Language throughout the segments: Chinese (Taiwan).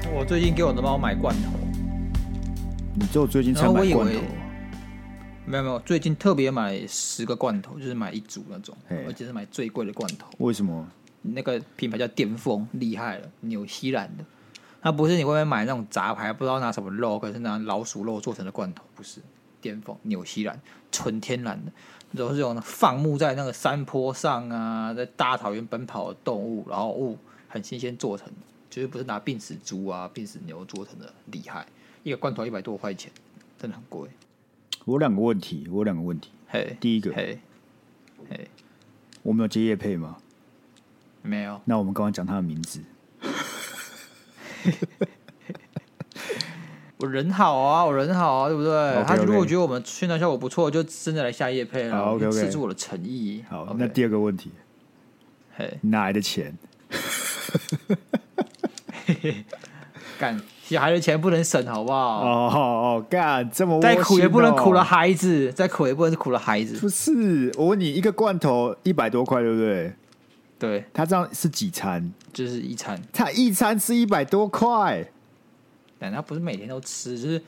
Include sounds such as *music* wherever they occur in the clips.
哎、我最近給我的貓買罐頭。你就最近才買罐頭？然後我以為沒有沒有，最近特別買十個罐頭，就是買一組那種，嘿而且是買最貴的罐頭。為什麼？那個品牌叫巔峰，厲害了，紐西蘭的。它不是你會不外面買那種雜牌，不知道拿什麼肉，可是拿老鼠肉做成的罐頭，不是？巔峰紐西蘭純天然的，都是用放牧在那個山坡上啊，在大草原奔跑的動物，然後物、哦、很新鮮做成的，就是不是拿病死豬啊、病死牛做成的，厲害。一個罐頭一百多塊錢，真的很貴。我有兩個問題，我有兩個問題。嘿，Hey, 第一個，嘿、hey, hey，嘿，我們有接業配嗎？沒有。那我們剛剛講他的名字。我人好啊，我人好啊，對不對？Okay, okay. 他如果覺得我們宣傳效果不錯，就真的來下業配了，然後示出我的誠意。Okay. Okay. 好，那第二個問題，Okay. 哪來的錢？ *laughs* *laughs* 幹，小孩的錢不能省，好不好？哦哦、oh, oh, oh, 哦，幹這麼再苦也不能苦了孩子，再苦也不能苦了孩子。不是，我問你，一個罐頭一百多塊，對不對？對，他這樣是幾餐？就是一餐，他一餐吃一百多塊。但他不是每天都吃，就是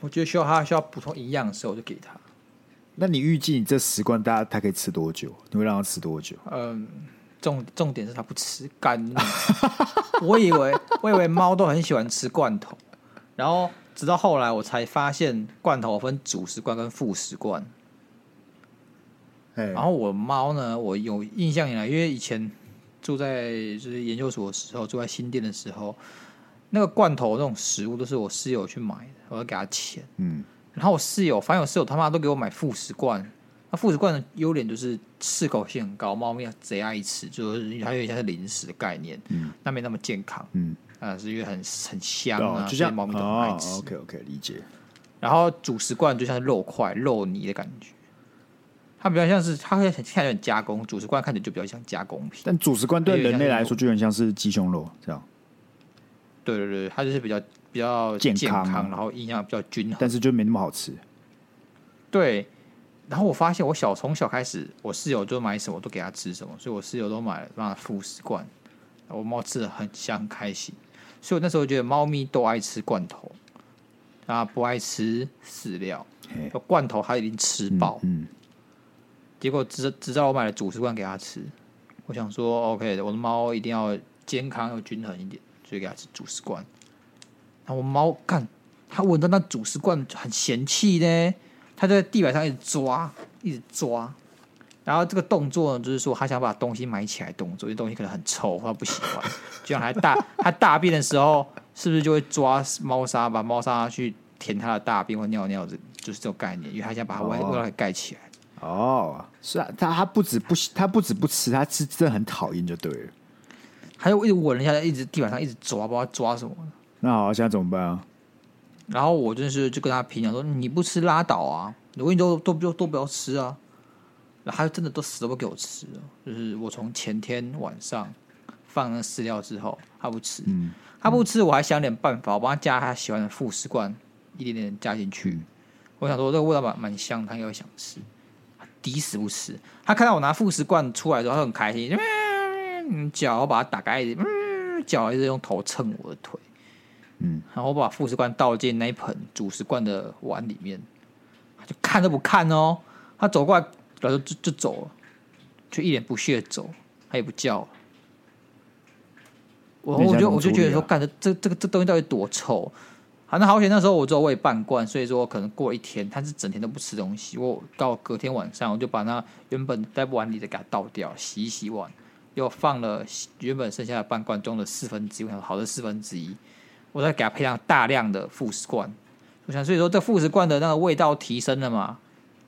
我覺得需要他需要補充營養的時候，我就給他，那你預計你這十罐他，它它可以吃多久？你會讓它吃多久？嗯、呃，重重點是它不吃乾 *laughs* 我。我以為我以為貓都很喜歡吃罐頭，然後直到後來我才發現，罐頭分主食罐跟副食罐。嘿然後我貓呢，我有印象以來，因為以前住在就是研究所的時候，住在新店的時候。那個罐頭的那種食物都是我室友去買的，我要給他錢。嗯，然後我室友，反正我室友他媽都給我買副食罐。那副食罐的優點就是適口性很高，貓咪賊愛吃，就是還有一點像是零食的概念。嗯，那沒那麼健康。嗯，啊，是因為很很香啊，哦、就像，貓咪都很愛吃，哦。OK OK，理解。然後主食罐就像是肉塊、肉泥的感覺，它比較像是它看起來很加工，主食罐看起來就比較像加工品。但主食罐對人類來說就很像是雞胸肉這樣。對對對，它就是比較比較健康，健康然後營養比較均衡，但是就沒那麼好吃。對，然後我發現我小從小開始，我室友就買什麼都給他吃什麼，所以我室友都買了讓他副食罐，我貓吃的很香，很開心。所以，我那時候覺得貓咪都愛吃罐頭啊，他不愛吃飼料。嘿罐頭它已經吃飽，嗯嗯，結果直直到我買了主食罐給他吃，我想說，OK，我的貓一定要健康，要均衡一點。就給他吃主食罐，然後貓看它聞到那主食罐很嫌棄呢，它就在地板上一直抓，一直抓。然後這個動作呢，就是說，它想把東西埋起來。動作因為東西可能很臭，它不喜歡。就像它大它大便的時候， *laughs* 是不是就會抓貓砂，把貓砂去填它的大便或尿尿？這就是這種概念，因為它想把它外，味道、oh. 蓋起來。哦、oh. so,，是啊，它它不止不它不止不吃，它吃真的很討厭，就對了。還有一直聞人家在一直地板上一直抓，不知道抓什麼。那好、啊，現在怎麼辦啊？然後我就是就跟他評講說：“你不吃拉倒啊，如果你都都不都，都不要吃啊。”然後他就真的都死都不給我吃，就是我從前天晚上放了飼料之後，他不吃。嗯、他不吃，我還想點辦法，我幫他加他喜歡的副食罐，一點點加進去。嗯、我想說這個味道蠻蠻香，他應該會想吃。抵死不吃，他看到我拿副食罐出來的時候，他很開心，因為。腳、嗯，我把它打開一點，嗯，腳一直用頭蹭我的腿，嗯，然後我把副食罐倒進那一盆主食罐的碗裡面，他就看都不看哦，他走過來，然後就就走了，就一臉不屑走，他也不叫、哦我，我我就我就覺得說，嗯、幹的這這個這，這東西到底多臭？反、啊、正好險，那時候我只有餵半罐，所以說可能過一天，他是整天都不吃東西。我到隔天晚上，我就把那原本待不完裡的給它倒掉，洗一洗碗。又放了原本剩下的半罐中的四分之一，我想好的四分之一，我再給它配上大量的副食罐，我想所以說這副食罐的那個味道提升了嘛，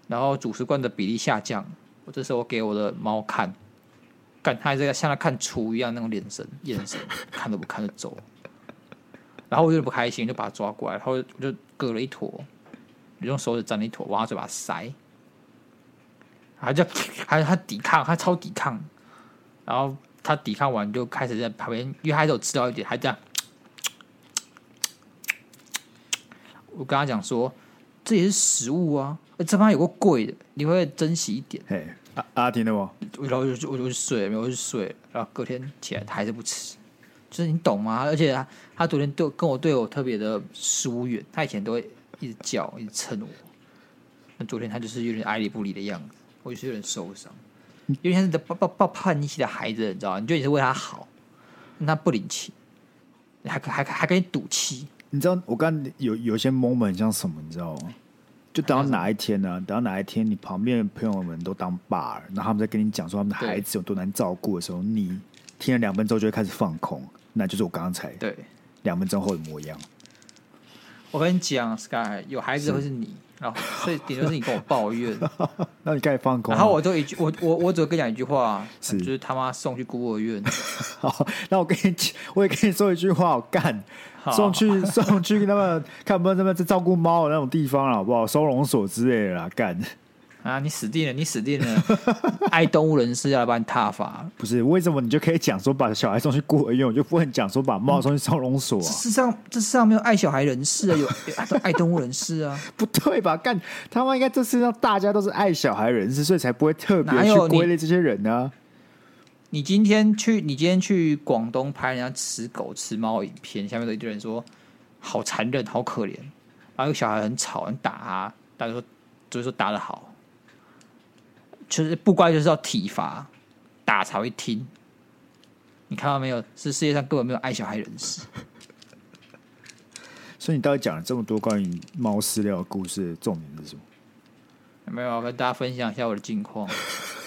然後主食罐的比例下降。我這時候我給我的貓看，看它這個像在看廚一樣那種、個、眼神，眼神看都不看就走，然後我有點不開心，就把它抓過來，然後我就割了一坨，用手指沾了一坨往它嘴巴塞，就它就它它抵抗，它超抵抗。然後他抵抗完就開始在旁邊，因為他還是有吃到一點，還這樣。我跟他講說，這也是食物啊，這旁有個貴的，你會珍惜一點。嘿阿阿婷的不？啊、嗎然後我就我就睡，我就睡，我就睡。然後隔天起來，他還是不吃，就是你懂嗎？而且他，他昨天對跟我對我特別的疏遠，他以前都會一直叫，一直蹭我。那昨天他就是有點愛理不理的樣子，我就是有點受傷。因為他是抱抱抱叛逆期的孩子，你知道你覺得你是為他好，那他不領情，還還還跟你賭氣。你知道我剛才有有一些 moment 像什麼？你知道嗎？就等到哪一天呢、啊？等到哪一天，你旁邊的朋友們都當爸了，然後他們在跟你講說他們的孩子有多難照顧的時候，對你聽了兩分鐘就會開始放空。那就是我剛才對兩分鐘後的模樣。我跟你講，Sky，有孩子會是你。是 Oh, 所以點就是你跟我抱怨， *laughs* 那你該放狗、啊。然後我就一句，我我我只會跟你講一句話， *laughs* 是就是他媽送去孤兒院。 *laughs* 好，那我跟你，我也跟你說一句話、哦，我幹送去好好好送去跟他們看不到他們在照顧貓的那種地方、啊，好不好？收容所之類的啦，幹。啊！你死定了！你死定了！ *laughs* 愛動物人士要來把你撻伐、啊。不是為什麼你就可以講說把小孩送去孤兒院，我就不能講說把貓送去收容所、啊？世、嗯、上這世上沒有愛小孩人士啊，有，有愛動物人士啊？ *laughs* 不對吧？幹他們應該這世上大家都是愛小孩人士，所以才不會特別去歸類這些人呢、啊。你今天去，你今天去廣東拍人家吃狗吃貓影片，下面有一堆人說好殘忍，好可憐，然後有小孩很吵，很打、啊，大家就說就是說打的好。就是不乖就是要體罰，打才會聽。你看到沒有？是世界上根本沒有愛小孩人士。 *laughs* 所以你到底講了這麼多關於貓飼料的故事的重點是什麼？沒有，我跟大家分享一下我的近況。 *laughs*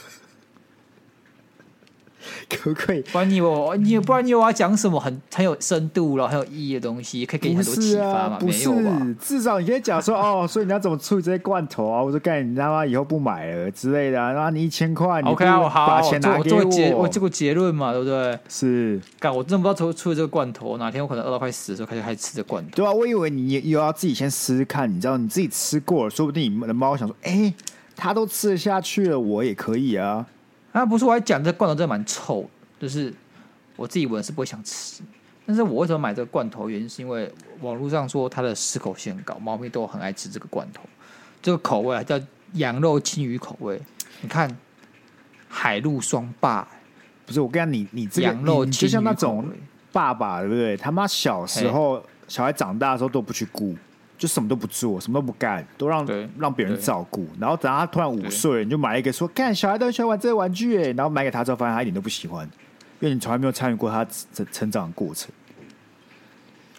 可不可以？不然你有，你不然你要講、啊、什麼很很有深度很有意義的東西，可以給你很多啟發嗎？不是、啊、不是，至少你可以講說哦，所以你要怎麼處理這些罐頭啊？我說幹，你他媽以後不買了之類的、啊。那，你一千塊，OK 我好，你把錢拿給我。Okay, 做我這個結論嘛，對不對？是。幹，我真的不知道處理這個罐頭。哪天我可能餓到快死的時候，開始開始吃這罐頭。對啊，我以為你有要自己先試試看，你知道你自己吃過了，說不定你的貓想說，哎、欸，它都吃得下去了，我也可以啊。那、啊、不是，我還講這罐頭真蠻臭的，就是我自己聞是不會想吃。但是我為什麼買這個罐頭，原因是因為網絡上說它的適口性很高，貓咪都很愛吃這個罐頭。這個口味還叫羊肉青魚口味，你看海陸雙霸，不是，我跟你講，你你這個羊肉青魚，你就像那種爸爸對不對？他媽小時候，嘿小孩長大的時候都不去顧。就什麼都不做，什麼都不幹，都讓對讓別人照顧。對然後等他突然五歲，對你就買一個說：“看，小孩都喜歡玩這些玩具。”哎，然後買給他之後，發現他一點都不喜歡，因為你從來沒有參與過他成成長的過程。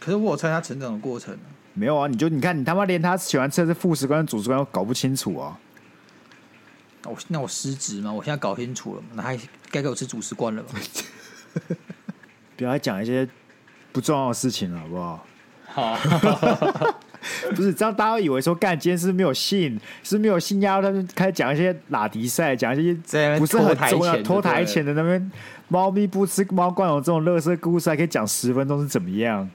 可是我有參與他成長的過程。有過程，沒有啊？你就你看，你他媽連他喜歡吃的是副食罐、主食罐都搞不清楚啊！我那我失職嗎？我現在搞清楚了，那還該給我吃主食罐了吧？ *laughs* 不要講一些不重要的事情了，好不好？好。 *laughs* *laughs* *laughs* 不是，這樣大家以為說，幹今天是不是沒有信，是沒有信呀、啊？他們開始講一些拉迪賽，講一些不是很重要的拖台前的那邊，貓咪不吃貓罐頭這種樂色故事，還可以講十分鐘是怎麼樣？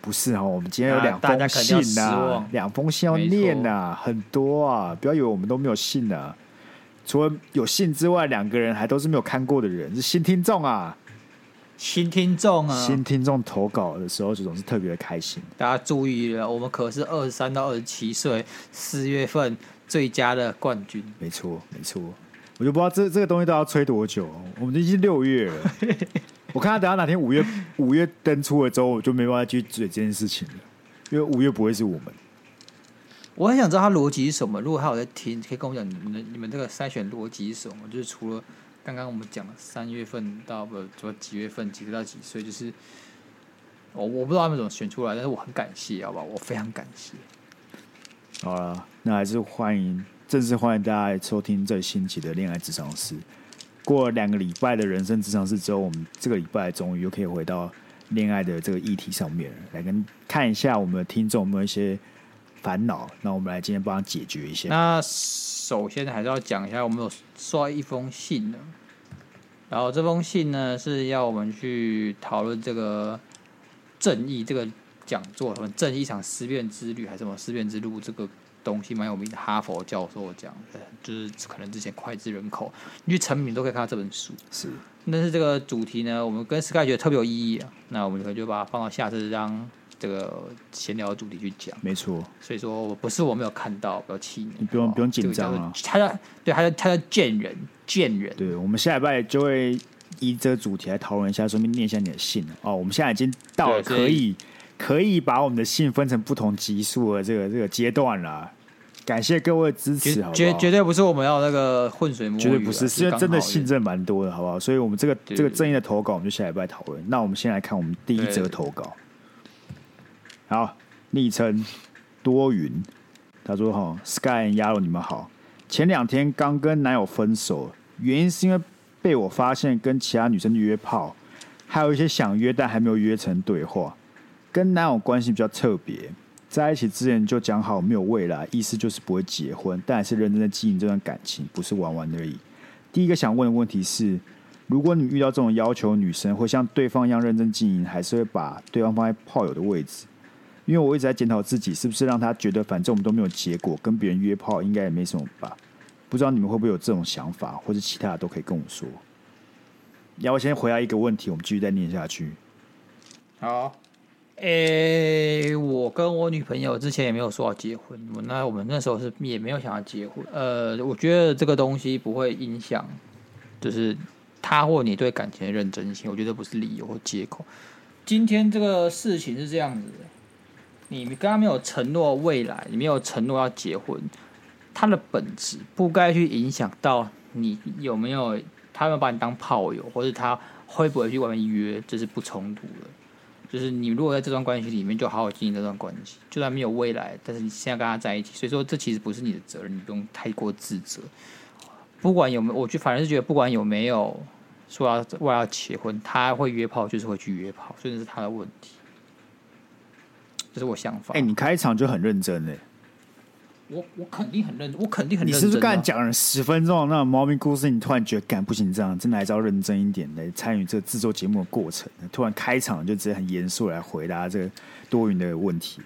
不是哦，我們今天有兩封信吶、啊，兩封信要念吶、啊，錯很多啊！不要以為我們都沒有信啊。除了有信之外，兩個人還都是沒有看過的人，是新聽眾啊。新聽眾啊！新聽眾投稿的時候就總是特別的開心的。大家注意了，我們可是二十三到二十七歲四月份最佳的冠軍。沒錯，沒錯，我就不知道這這個東西都要吹多久。我們都已經六月了， *laughs* 我看他等下哪天五月五月登出了之後，我就沒辦法去追這件事情了，因為五月不會是我們。我很想知道他邏輯是什麼。如果他有在聽，可以跟我講你們你們這個篩選邏輯是什麼？就是除了。剛剛我們講了三月份到不，怎麼幾月份？幾個到幾歲？就是我我不知道他們怎麼選出來，但是我很感謝，好不好，我非常感謝。好了，那還是歡迎正式歡迎大家來收聽最新期的戀愛諮商室。過了兩個禮拜的人生諮商室之後，我們這個禮拜終於又可以回到戀愛的這個議題上面來跟，跟看一下我們的聽眾有沒有一些煩惱，那我們來今天幫他解決一下。那首先還是要講一下，我們有收一封信呢。然後這封信呢，是要我們去討論這個正義這個講座，什麼正義一場思辨之旅，還是什麼思辨之路？這個東西蠻有名的，哈佛教授的講的，就是可能之前膾炙人口，你去誠品都可以看到這本書。是，但是這個主題呢，我們跟 Sky 覺得特別有意義啊。那我們就,就把它放到下次這張。這個閒聊的主題去講，沒錯錯。所以說不是我沒有看到，我要氣，你不用，喔、不用緊張啊。他要對，他要他要賤人賤人。人對，我們下禮拜就會以這個主題來討論一下，順便念一下你的信哦，喔。我們現在已經到了可以可以把我們的信分成不同級數的這個這個階段了。感謝各位的支持好，好絕，絕絕對不是我們要那個混水摸魚，絕對不是，是因為真的信真的蠻多的，好不好？所以我們這個對對對，這個正義的投稿，我們就下禮拜討論。對對對，那我們先來看我們第一則投稿。對對對好，昵稱多雲，他說：“哈、哦，Sky and Yaro，你們好。前兩天剛跟男友分手，原因是因為被我發現跟其他女生約炮，還有一些想約但還沒有約成對話。跟男友關係比較特別，在一起之前就講好沒有未來，意思就是不會結婚，但還是認真的經營這段感情，不是玩玩而已。第一個想問的問題是：如果你遇到這種要求，女生會像對方一樣認真經營，還是會把對方放在炮友的位置？”因為我一直在檢討自己，是不是讓他覺得反正我們都沒有結果，跟別人約炮應該也沒什麼吧？不知道你們會不會有這種想法，或者其他的都可以跟我說。要先回答一個問題，我們繼續再念下去。好，誒、欸，我跟我女朋友之前也沒有說要結婚，我那我們那時候是也沒有想要結婚。呃，我覺得這個東西不會影響，就是他或你對感情的認真性，我覺得不是理由或借口。今天這個事情是這樣子的。你跟他沒有承諾未來，你沒有承諾要結婚，他的本質不該去影響到你有沒有他有沒有把你當炮友，或者他會不會去外面約，這是不衝突的。就是你如果在這段關係裡面，就好好經營這段關係，就算沒有未來，但是你現在跟他在一起，所以說這其實不是你的責任，你不用太過自責。不管有沒有，我反正是覺得不管有沒有說要外要結婚，他會約炮就是會去約炮，所以這是他的問題。這是我想法。哎、欸，你開場就很認真呢、欸，我我肯定很認真，我肯定很認真、啊。你是不是剛才講了十分鐘那種貓咪故事，你突然覺得，幹，不行，這樣真的還是要認真一點來參與這個製作節目的過程。突然開場就直接很嚴肅來回答這個多雲的問題，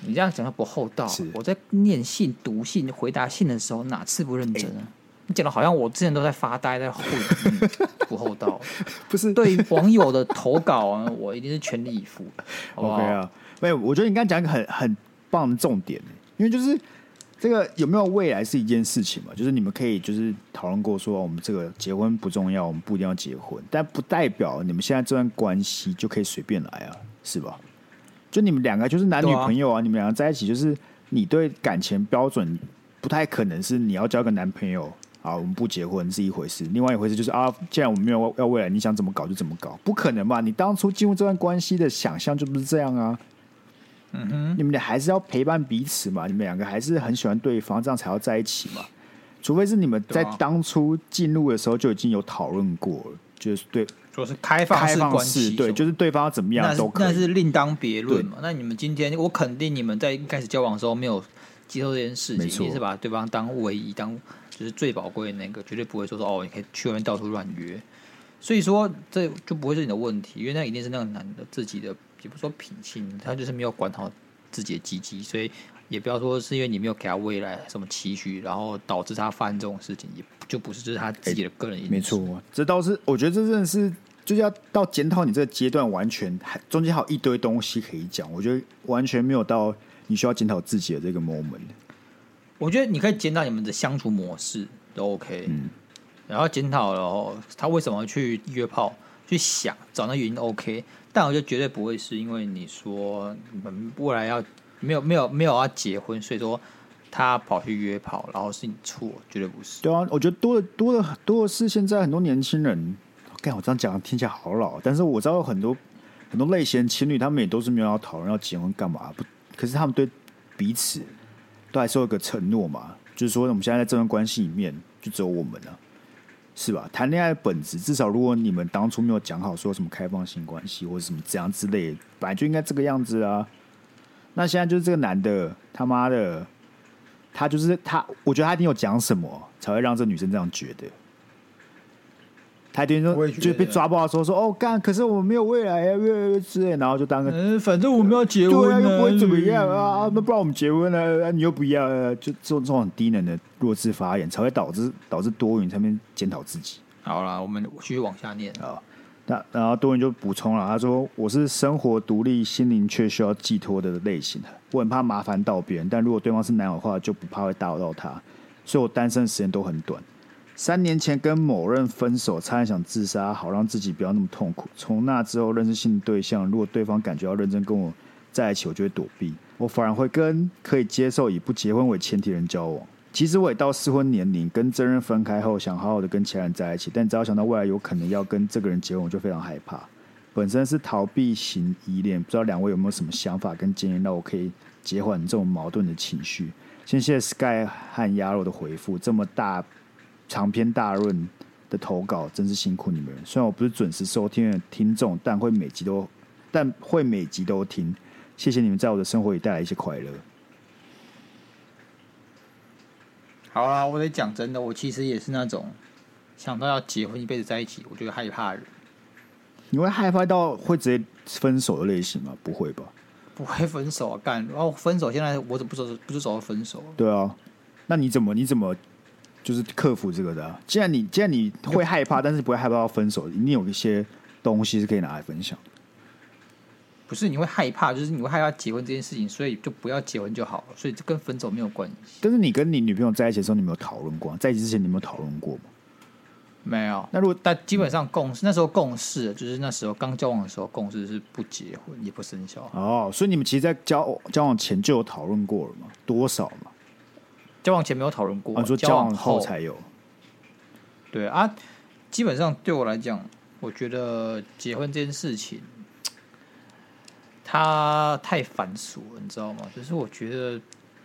你這樣講就不厚道。是我在念信、讀信、回答信的時候，哪次不認真、啊？欸、你講的好像我之前都在發呆，在後面、 *laughs* 嗯、不厚道，不是？對於網友的投稿啊， *laughs* 我一定是全力以赴，O、okay、K 啊。沒有，我覺得你剛剛講一個很很棒的重點，因為就是這個有沒有未來是一件事情嘛？就是你們可以就是討論過說，我們這個結婚不重要，我們不一定要結婚，但不代表你們現在這段關係就可以隨便來啊，是吧？就你們兩個就是男女朋友啊，啊你們兩個在一起，就是你對感情標準不太可能是你要交個男朋友啊，我們不結婚是一回事，另外一回事就是啊，既然我們沒有要未來，你想怎麼搞就怎麼搞，不可能吧？你當初進入這段關係的想象就不是這樣啊。嗯哼，你們倆還是要陪伴彼此嘛？你們兩個還是很喜歡對方，這樣才要在一起嘛？除非是你們在當初進入的時候就已經有討論過了，就是對，就是開放式關係什麼，開放式，對，就是對方怎麼樣都可以，那是，那是另當別論嘛？對，對，那你們今天，我肯定你們在一開始交往的時候沒有接受這件事情，一定沒錯，是把對方當唯一，當就是最寶貴的那個，絕對不會說說哦，你可以去外面到處亂約。所以說這就不會是你的問題，因為那一定是那個男的自己的。也不說品性，他就是沒有管好自己的雞雞，所以也不要說是因為你沒有給他未來什麼期許，然後導致他犯這種事情，也就不是就是他自己的個人因素、欸。沒錯，這倒是，我覺得這真的是就是、要到檢討你這個階段，完全還中間還有一堆東西可以講，我覺得完全沒有到你需要檢討自己的這個 moment。我覺得你可以檢討你們的相處模式都 OK，嗯、然後檢討然後他為什麼去約炮，去想找那原因都 OK。但我覺得絕對不會是因為你說你們未來要沒有沒有沒有要結婚，所以說他跑去約炮，然後是你錯，絕對不是。對啊，我覺得多的多的多的是現在很多年輕人，幹我這樣講聽起來好老，但是我知道很多很多類型情侶，他們也都是沒有要討論要結婚幹嘛，不，可是他們對彼此都還是有一個承諾嘛，就是說我們現在在這段關係裡面就只有我們了。是吧？談戀愛的本質，至少如果你們當初沒有講好說什麼開放性關係或者什麼這樣之類的，本來就應該這個樣子啊。那現在就是這個男的，他媽的，他就是他，我覺得他一定有講什麼，才會讓這女生這樣覺得。台電說就被抓包的時候說，哦幹，可是我們沒有未來呀、啊、來來來來之類，然後就當個反正我們要結婚、啊對啊、又不會怎麼樣啊、嗯、啊，那不然我們結婚呢、啊啊，你又不要，就這種這種很低能的弱智發言，才會導致導致多雲在那邊檢討自己。好了，我們繼續往下念啊。那然後多雲就補充了，他說：“我是生活獨立，心靈卻需要寄托的類型。我很怕麻煩到別人，但如果對方是男友的話，就不怕會打擾到他。所以我單身的時間都很短。”三年前跟某人分手，差點想自殺，好讓自己不要那麼痛苦。從那之後，認識新的對象，如果對方感覺要認真跟我在一起，我就會躲避。我反而會跟可以接受以不結婚為前提人交往。其實我也到適婚年齡，跟真人分開後，想好好的跟其他人在一起，但只要想到未來有可能要跟這個人結婚，我就非常害怕。本身是逃避型依戀，不知道兩位有沒有什麼想法跟經驗，讓我可以解緩這種矛盾的情緒。先謝謝 Sky 和鴨肉的回覆，這麼大。長篇大論的投稿真是辛苦你們。雖然我不是準時收聽的聽眾，但會每集都，但會每集都聽。謝謝你們在我的生活裡帶來一些快樂。好啦，我得講真的，我其實也是那種想到要結婚一輩子在一起，我就害怕的人。你會害怕到會直接分手的類型嗎？不會吧？不會分手啊？幹，然後？分手？現在我怎麼不走？不就走分手？啊？對啊，那你怎麼？你怎麼？就是克服這個的。既然你既然你會害怕，但是不會害怕到分手，一定有一些東西是可以拿來分享。不是你會害怕，就是你會害怕結婚這件事情，所以就不要結婚就好了。所以這跟分手沒有關係。但是你跟你女朋友在一起的時候，你沒有討論過，在一起之前你有沒有討論過？沒有。那如果但基本上共識那時候共識，就是那時候剛交往的時候共識是不結婚也不生小孩。哦，所以你們其實，在交交往前就有討論過了嗎？多少嗎？交往前沒有討論過，啊，啊、說交往後才有。對啊，基本上對我來講，我覺得結婚這件事情，它太繁瑣，你知道嗎？就是我覺得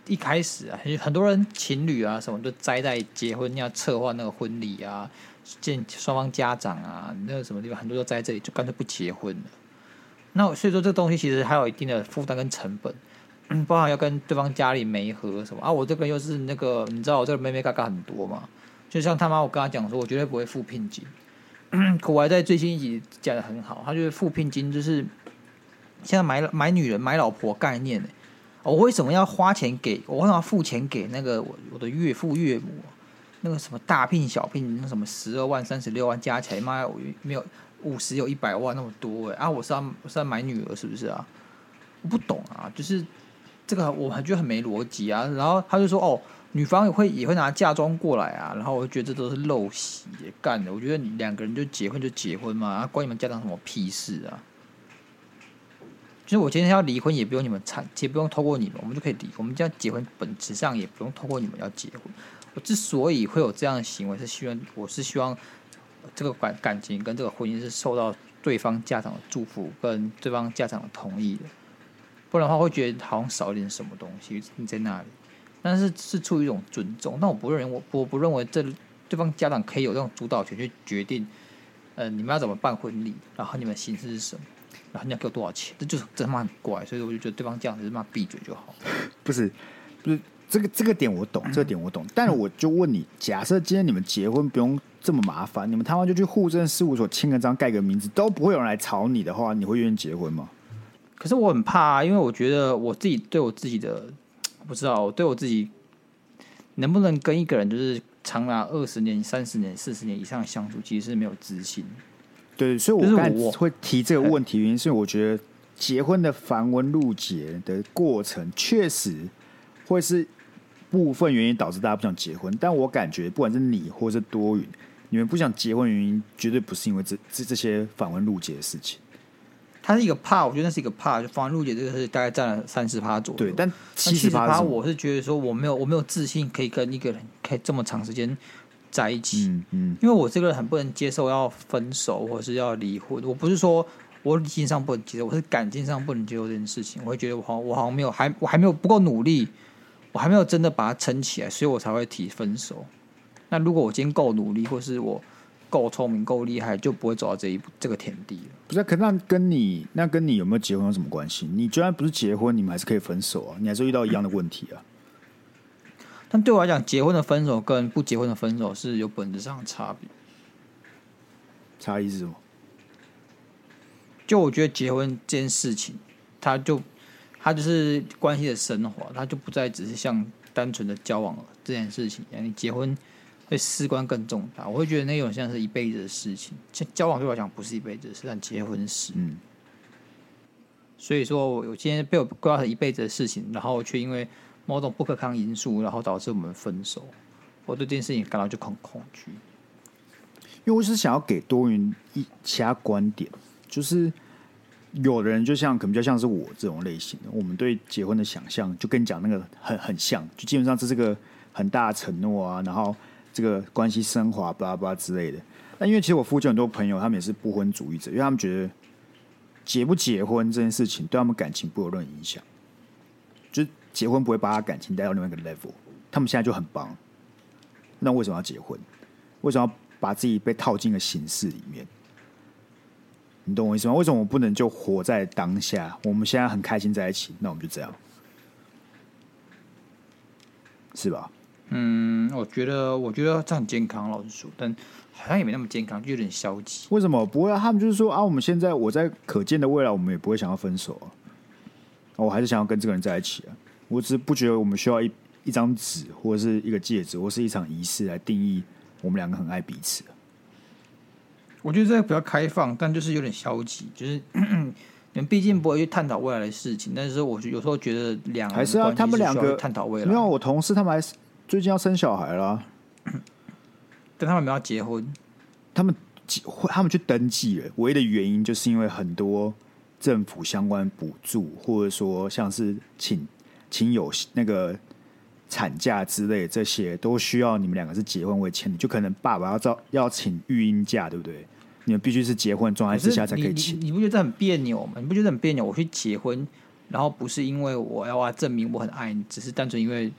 一開始啊，很很多人情侶啊什麼，都栽在結婚要策劃那個婚禮啊，見雙方家長啊，那個什麼地方，很多都栽在這裡，就乾脆不結婚了。那所以說，這東西其實還有一定的負擔跟成本。嗯，不好，要跟對方家裡沒和什麼啊？我這邊又是那個，你知道我這個妹妹嘎嘎很多嘛？就像他媽，我跟他講說，我絕對不會付聘金。可 *coughs* 我還在最新一集講得很好，他就是付聘金，就是現在買買女人，買老婆概念，欸。我為什麼要花錢給我？為什麼要付錢給那個我我的岳父岳母？那個什麼大聘小聘，那什麼十二萬、三十六萬加起來，媽呀，沒有五十有一百萬那麼多哎、欸！啊，我是要我是要買女兒是不是啊？我不懂啊，就是。這個我還覺得很沒邏輯啊，然後他就說哦，女方也會也會拿嫁妝過來啊，然後我覺得這都是陋習幹的，我覺得你兩個人就結婚就結婚嘛，啊，關你們家長什麼屁事啊？就是我今天要離婚也不用你們參，其實不用透過你們，我們就可以離。我們這樣結婚，本質上也不用透過你們要結婚。我之所以會有這樣的行為，是希望我是希望這個感感情跟這個婚姻是受到對方家長的祝福跟對方家長的同意的。不然的話，會覺得好像少一點什麼東西你在那裡，但是是出於一種尊重。但我不認為我，我我不認為這對方家長可以有這種主導權去決定，呃、你們要怎麼辦婚禮，然後你們形式是什麼，然後你要給我多少錢，這就是真他媽很怪。所以我就覺得對方這樣子，是他媽閉嘴就好。不是，不是這個這個點我懂，這個點我懂。嗯、但我就問你，假設今天你們結婚不用這麼麻煩，你們他媽就去戶政事務所簽個章、蓋個名字都不會有人來吵你的話，你會願意結婚嗎？可是我很怕啊，因為我覺得我自己對我自己的我不知道，我對我自己能不能跟一個人就是長達二十年、三十年、四十年以上相處，其實是沒有自信。對，所以，我我會提這個問題，原因是我覺得結婚的繁文縟節的過程，確實會是部分原因導致大家不想結婚。但我感覺，不管是你或者多雲，你們不想結婚的原因，絕對不是因為這這這些繁文縟節的事情。他是一個怕，我覺得那是一個怕。就方露姐這個是大概佔了三十趴左右，對，但七十趴我是覺得說我沒有，我沒有自信可以跟一個人可以這麼長時間在一起。嗯嗯，嗯因為我這個人很不能接受要分手或是要離婚。我不是說我理性上不能接受，我是感情上不能接受這件事情。我會覺得我好，我好像沒有還我還沒有不夠努力，我還沒有真的把它撐起來，所以我才會提分手。那如果我今天夠努力，或是我。夠聰明，夠厲害，就不會走到這一步這個田地了。不是，可是那跟你那跟你有沒有結婚有什麼關係？你居然不是結婚，你們還是可以分手啊，你還是遇到一樣的問題啊。嗯，但對我來講，結婚的分手跟不結婚的分手是有本質上的差別。差異是什麼？就我覺得結婚這件事情，他就他就是關係的升華，他就不再只是像單純的交往了這件事情。啊，你結婚。對，事關更重大，我會覺得那種像是一輩子的事情。像交往對我來講不是一輩子，是但結婚是。嗯。所以說，有今天被我規劃成一輩子的事情，然後卻因為某種不可抗因素，然後導致我們分手。我對這件事情感到就很恐懼，因為我是想要給多云一其他觀點，就是有的人就像可能比較像是我這種類型的，我們對結婚的想象就跟你講那個很很像，就基本上這是個很大的承諾啊，然後。這個關係升華巴拉巴拉之類的，但因為其實我附近很多朋友他們也是不婚主義者，因為他們覺得結不結婚這件事情對他們感情不有任何影響，就結婚不會把他感情帶到另外一個 level。他們現在就很棒，那為什麼要結婚？為什麼要把自己被套進個形式裡面？你懂我意思嗎？為什麼我不能就活在當下？我們現在很開心在一起，那我們就這樣，是吧？嗯，我覺得，我覺得這很健康，老實說，但好像也沒那麼健康，就有點消極。為什麼？不會，啊，他們就是說啊，我們現在我在可見的未來，我們也不會想要分手啊，啊，我還是想要跟這個人在一起啊。我只是不覺得我們需要一一張紙或者是一個戒指或是一場儀式來定義我們兩個很愛彼此。我覺得這個比較開放，但就是有點消極，就是，咳咳，你們畢竟不會去探討未來的事情。但是，我有時候覺得兩個人是還是要他們兩個探討未來。因為我同事他們還是。最近要生小孩啦，啊，但他們沒有結婚。他們結婚，他們去登記了。唯一的原因就是因為很多政府相關補助，或者說像是請請有那個產假之類，這些都需要你們兩個是結婚為前提。就可能爸爸要照要請育嬰假，對不對？你們必須是結婚狀態之下才可以請。你，你不覺得這很別扭嗎？你不覺得很別扭？我去結婚，然後不是因為我要啊證明我很愛你，只是單純因為。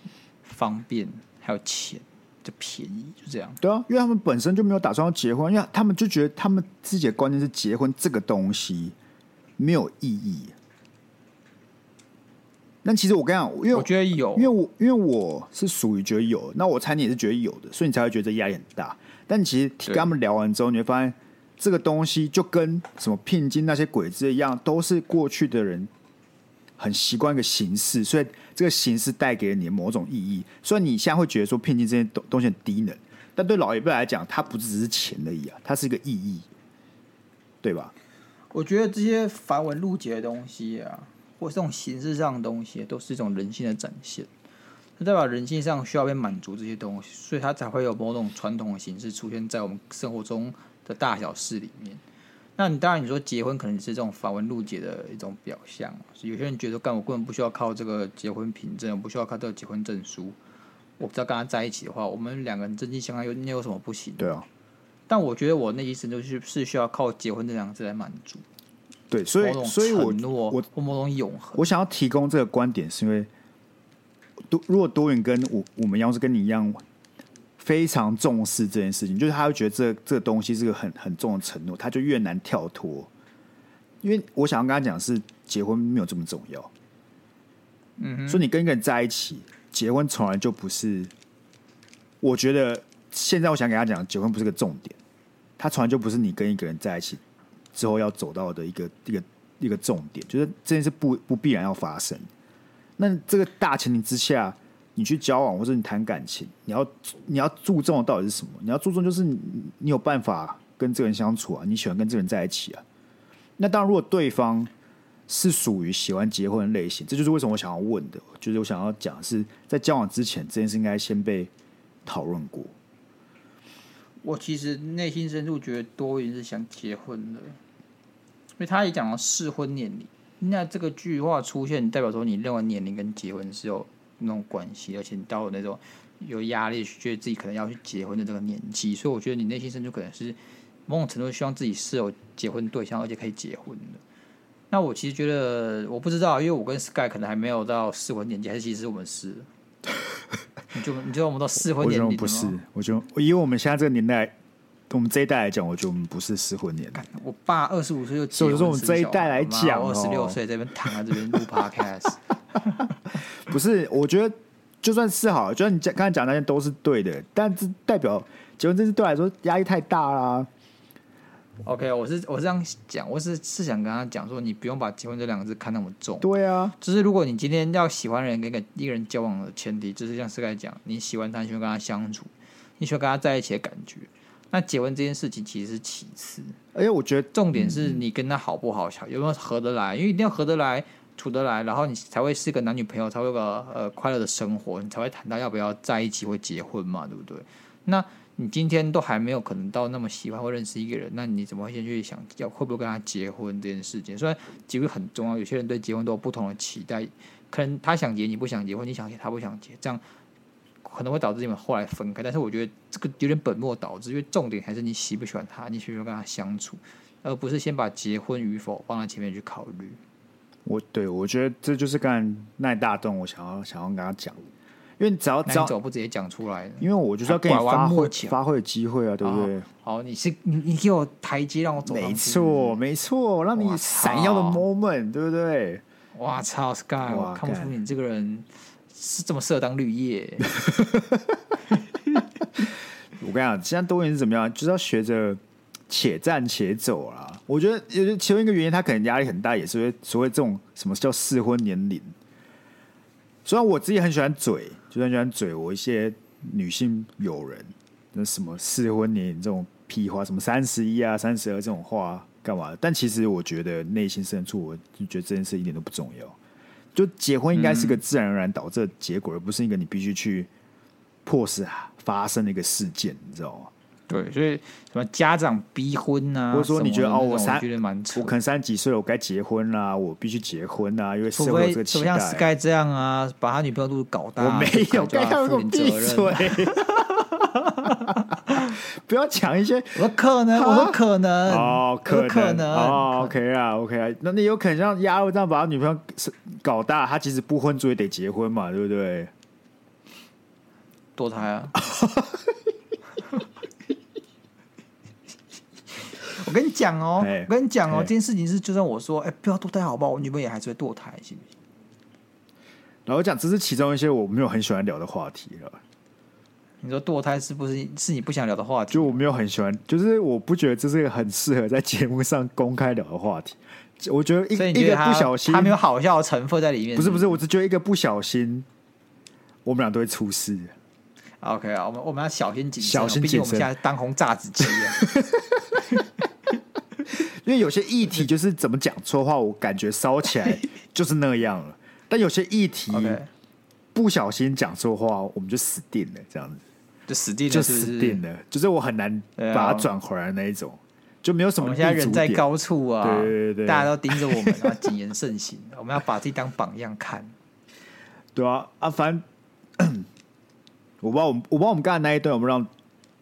方便還有錢，就便宜，就這樣。對啊，因為他們本身就沒有打算要結婚，因為他們就覺得他們自己的觀念是結婚這個東西沒有意義。但其實我跟你講，因為我，我覺得有，因為我因為我是屬於覺得有，那我猜你也是覺得有的，所以你才會覺得壓力很大。但其實跟他們聊完之後，對你會發現這個東西就跟什麼聘金那些鬼子，一樣都是過去的人很習慣一個形式，所以。這個形式帶給了你某種意義，所以你現在會覺得說聘金這些東東西很低能，但對老一輩來講，它不只是錢而已啊，它是一個意義，對吧？我覺得這些繁文縟節的東西啊，或是這種形式上的東西，都是一種人性的展現。代表人性上需要被滿足這些東西，所以它才會有某種傳統的形式出現在我們生活中的大小事裡面。那你當然，你說結婚可能是這種法文露結的一種表象，有些人覺得，幹我根本不需要靠這個結婚憑證，我不需要靠這個結婚證書。我不知道跟他在一起的話，我們兩個人真心相愛，又你有什麼不行？對啊。但我覺得我那內心就是是需要靠結婚這兩個字來滿足。對，所以所以，所以我我某種永恆，我想要提供這個觀點，是因為多如果多元跟我我們要是跟你一樣。非常重視這件事情，就是他會覺得這這個東西是個很很重的承諾，他就越難跳脫。因為我想要跟他講，是結婚沒有這麼重要。嗯哼，所以你跟一個人在一起，結婚從來就不是。我覺得現在我想跟他講，結婚不是個重點，他從來就不是你跟一個人在一起之後要走到的一個一個一個重點，就是這件事不不必然要發生。那這個大前提之下。你去交往，或者你談感情，你要你要注重的到底是什麼？你要注重就是你，你有辦法跟這個人相處啊，你喜歡跟這個人在一起啊。那當然，如果對方是屬於喜歡結婚的類型，這就是為什麼我想要問的，就是我想要講的是在交往之前，這件事應該先被討論過。我其實內心深處覺得多云是想結婚的，因為他也講了適婚年齡，那這個句話出現代表說你認為年齡跟結婚是有。那種關係，而且你到了那種有壓力，覺得自己可能要去結婚的這個年紀，所以我覺得你內心深處可能是某種程度希望自己是有結婚對象，而且可以結婚的。那我其實覺得我不知道，因為我跟 Sky 可能還沒有到適婚年紀，還是其實是我們是 *laughs* ？你就你覺得我們到適婚年齡。不是，我就，以我們現在這個年代，跟我們這一代來講，我覺得我們不是適婚年齡。我爸二十五歲就結婚，所以我們這一代來講，二十六歲這邊躺在這邊錄 Podcast 不是，我覺得就算是好，就算你講剛才講那些都是對的，但是代表結婚這件事對我來說壓力太大啦，啊。OK，我是我是這樣講，我是是想跟他講說，你不用把結婚這兩個字看那麼重。對啊，就是如果你今天要喜歡人跟一個一個人交往的前提，就是像四蓋講，你喜歡他，你喜歡跟他相處，你喜歡跟他在一起的感覺。那結婚這件事情其實是其次。而且，欸、我覺得重點是你跟他好不好，嗯嗯有沒有合得來，因為一定要合得來。處得來，然後你才會是個男女朋友，才會有個呃快樂的生活，你才會談到要不要在一起會結婚嘛，對不對？那你今天都還沒有可能到那麼喜歡或認識一個人，那你怎麼會先去想要會不會跟他結婚這件事情？雖然結婚很重要，有些人對結婚都有不同的期待，可能他想結你不想結婚，你想結他不想結，這樣可能會導致你們後來分開。但是我覺得這個有點本末倒置，因為重點還是你喜不喜歡他，你喜不喜歡跟他相處，而不是先把結婚與否放在前面去考慮。我對，我覺得這就是剛才那一大段我想要想要跟他講，因為你只要走，不直接講出來，因為我就是要跟你發揮發揮機會啊，對不對？啊，好，你是你你給我台階讓我走，沒錯，沒錯沒錯，讓你閃耀的 moment，操對不對？哇操，Sky，哇操我看不出你這個人是這麼適合當綠葉。 *laughs* *laughs* 我跟你講，現在多元是怎麼樣，就是要學着且戰且走啊。我覺得也是，其中一個原因，他可能壓力很大，也是因為所謂這種什麼叫適婚年齡。雖然我自己很喜歡嘴，就算喜歡嘴我一些女性友人，那什麼適婚年齡這種屁話，什麼三十一啊、三十二這種話，幹嘛？但其實我覺得內心深處，我就覺得這件事一點都不重要。就結婚應該是個自然而然導致的結果，而不是一個你必須去迫使發生的一個事件，你知道嗎？對，所以什麼家長逼婚啊？或者說你覺得哦，的的我三，我覺我可能三幾歲，我該結婚啦，啊，我必須結婚啊，因為社會怎麼樣是該這樣啊，把他女朋友都搞大，我沒有，負責任，啊， *laughs* 不要講一些，可能，我可能，哦，可能，我可能哦，OK 哦啊，OK 啊，那你有可能像亞歐這樣把他女朋友搞大，他其實不婚族，也得結婚嘛，對不對？多胎啊。 *laughs* 我跟你講哦、喔，嘿我跟你講哦、喔，這件事情是就算我說，哎嘿、欸，不要墮胎好不好？我女朋友也還是會墮胎，行不行？然後我講這是其中一些我沒有很喜歡聊的話題了。你說墮胎是不是是你不想聊的話題？就我沒有很喜歡，就是我不覺得這是一個很適合在節目上公開聊的話題。我覺得一覺得一個不小心還沒有好笑的成分在裡面是不是？不是不是，我只覺得一個不小心，我們倆都會出事。OK 啊，我們我們要小心謹慎，小心謹慎，畢竟我們現在是當紅炸子雞。 *laughs* 因為有些議題就是怎麼講錯話，我感覺燒起來就是那樣了。 *laughs* 但有些議題不小心講錯話，我們就死定了，這樣子就死定了，是是就死定了，就是我很難把它轉回來的那一種，啊、就沒有什麼。現在人在高處啊，對對，對大家都盯着我們啊，然後謹言慎行， *laughs* 我們要把自己當榜樣看。對啊，阿、啊、反正，我不知道我們，我不知道我們剛才那一段，我們讓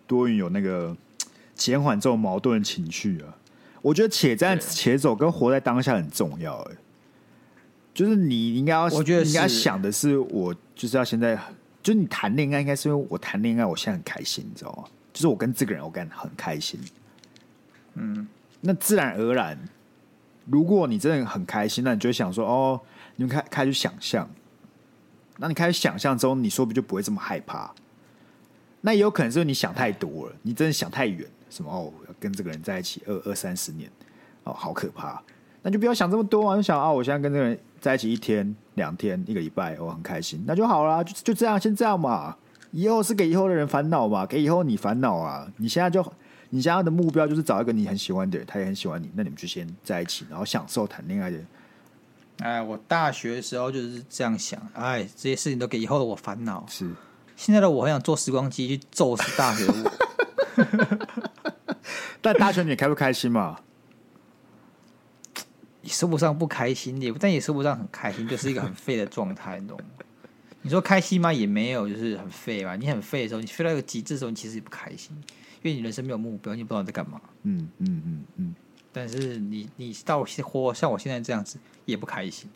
多雲有那個減緩這種矛盾的情緒啊。我覺得且戰且走跟活在當下很重要，誒，就是你應該要，我覺得你應該想的是，我就是要現在，就是你談戀愛，應該是因為我談戀愛，我現在很開心，你知道嗎？就是我跟這個人，我感覺很開心。嗯，那自然而然，如果你真的很開心，那你就會想說，哦，你們開開始想象，那你開始想象之後，你說不定就不會這麼害怕。那也有可能是因為你想太多了，你真的想太遠。什麼哦？跟這個人在一起二二三十年，哦，好可怕啊！那就不要想這麼多啊，就想啊，我現在跟這個人在一起一天、兩天、一個禮拜，我、哦、很開心，那就好啦，就就這樣，先這樣嘛。以後是給以後的人煩惱吧，給以後你煩惱啊！你現在就，你現在的目標就是找一個你很喜歡的人，他也很喜歡你，那你們就先在一起，然後享受談戀愛的。哎，我大學的時候就是這樣想，哎，這些事情都給以後的我煩惱。是，現在的我很想坐時光機去揍死大學我 *laughs* 但大學，你開不開心嘛？也 *laughs* 說不上不開心，也但也說不上很開心，就是一個很廢的狀態，懂嗎？你說開心嗎？也沒有，就是很廢吧。你很廢的時候，你廢到一個極致的時候，你其實也不開心，因為你人生沒有目標，你不知道你在幹嘛。嗯嗯嗯嗯。嗯嗯嗯但是你你到我活像我現在這樣子，也不開心。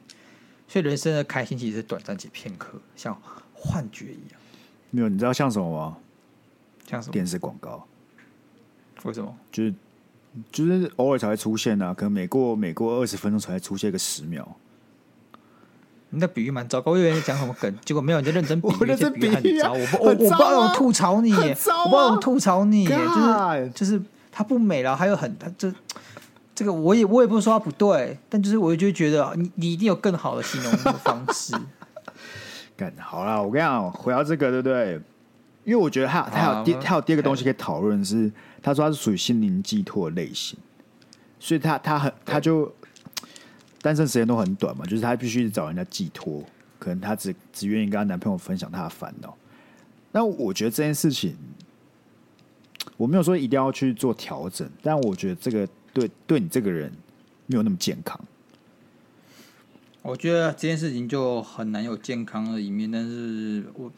所以人生的開心其實是短暫且片刻，像幻覺一樣。沒有，你知道像什麼嗎？像什麼？電視廣告。為什麼？就是就是偶爾才會出現吶，可能每過每過二十分鐘才會出現一個十秒。你的比喻蠻糟糕，我以為你在講什麼梗，結果沒有，你在認真比喻，這比喻還很糟。我我我不知道怎麼吐槽你，我不知道怎麼吐槽你，就是就是它不美了，還有很它這這個我也我也不是說它不對，但就是我就覺得你你一定有更好的形容方式。幹，好啦，我跟你講，回到這個，對不對？因為我覺得他他有第、啊、他，他有第二個東西可以討論是，他說他是屬於心靈寄託類型，所以他他很他就、嗯、單身時間都很短嘛，就是他必須找人家寄託，可能他只只願意跟他男朋友分享他的煩惱。那我覺得這件事情，我沒有說一定要去做調整，但我覺得這個對對你這個人沒有那麼健康。我覺得這件事情就很難有健康的一面，但是我。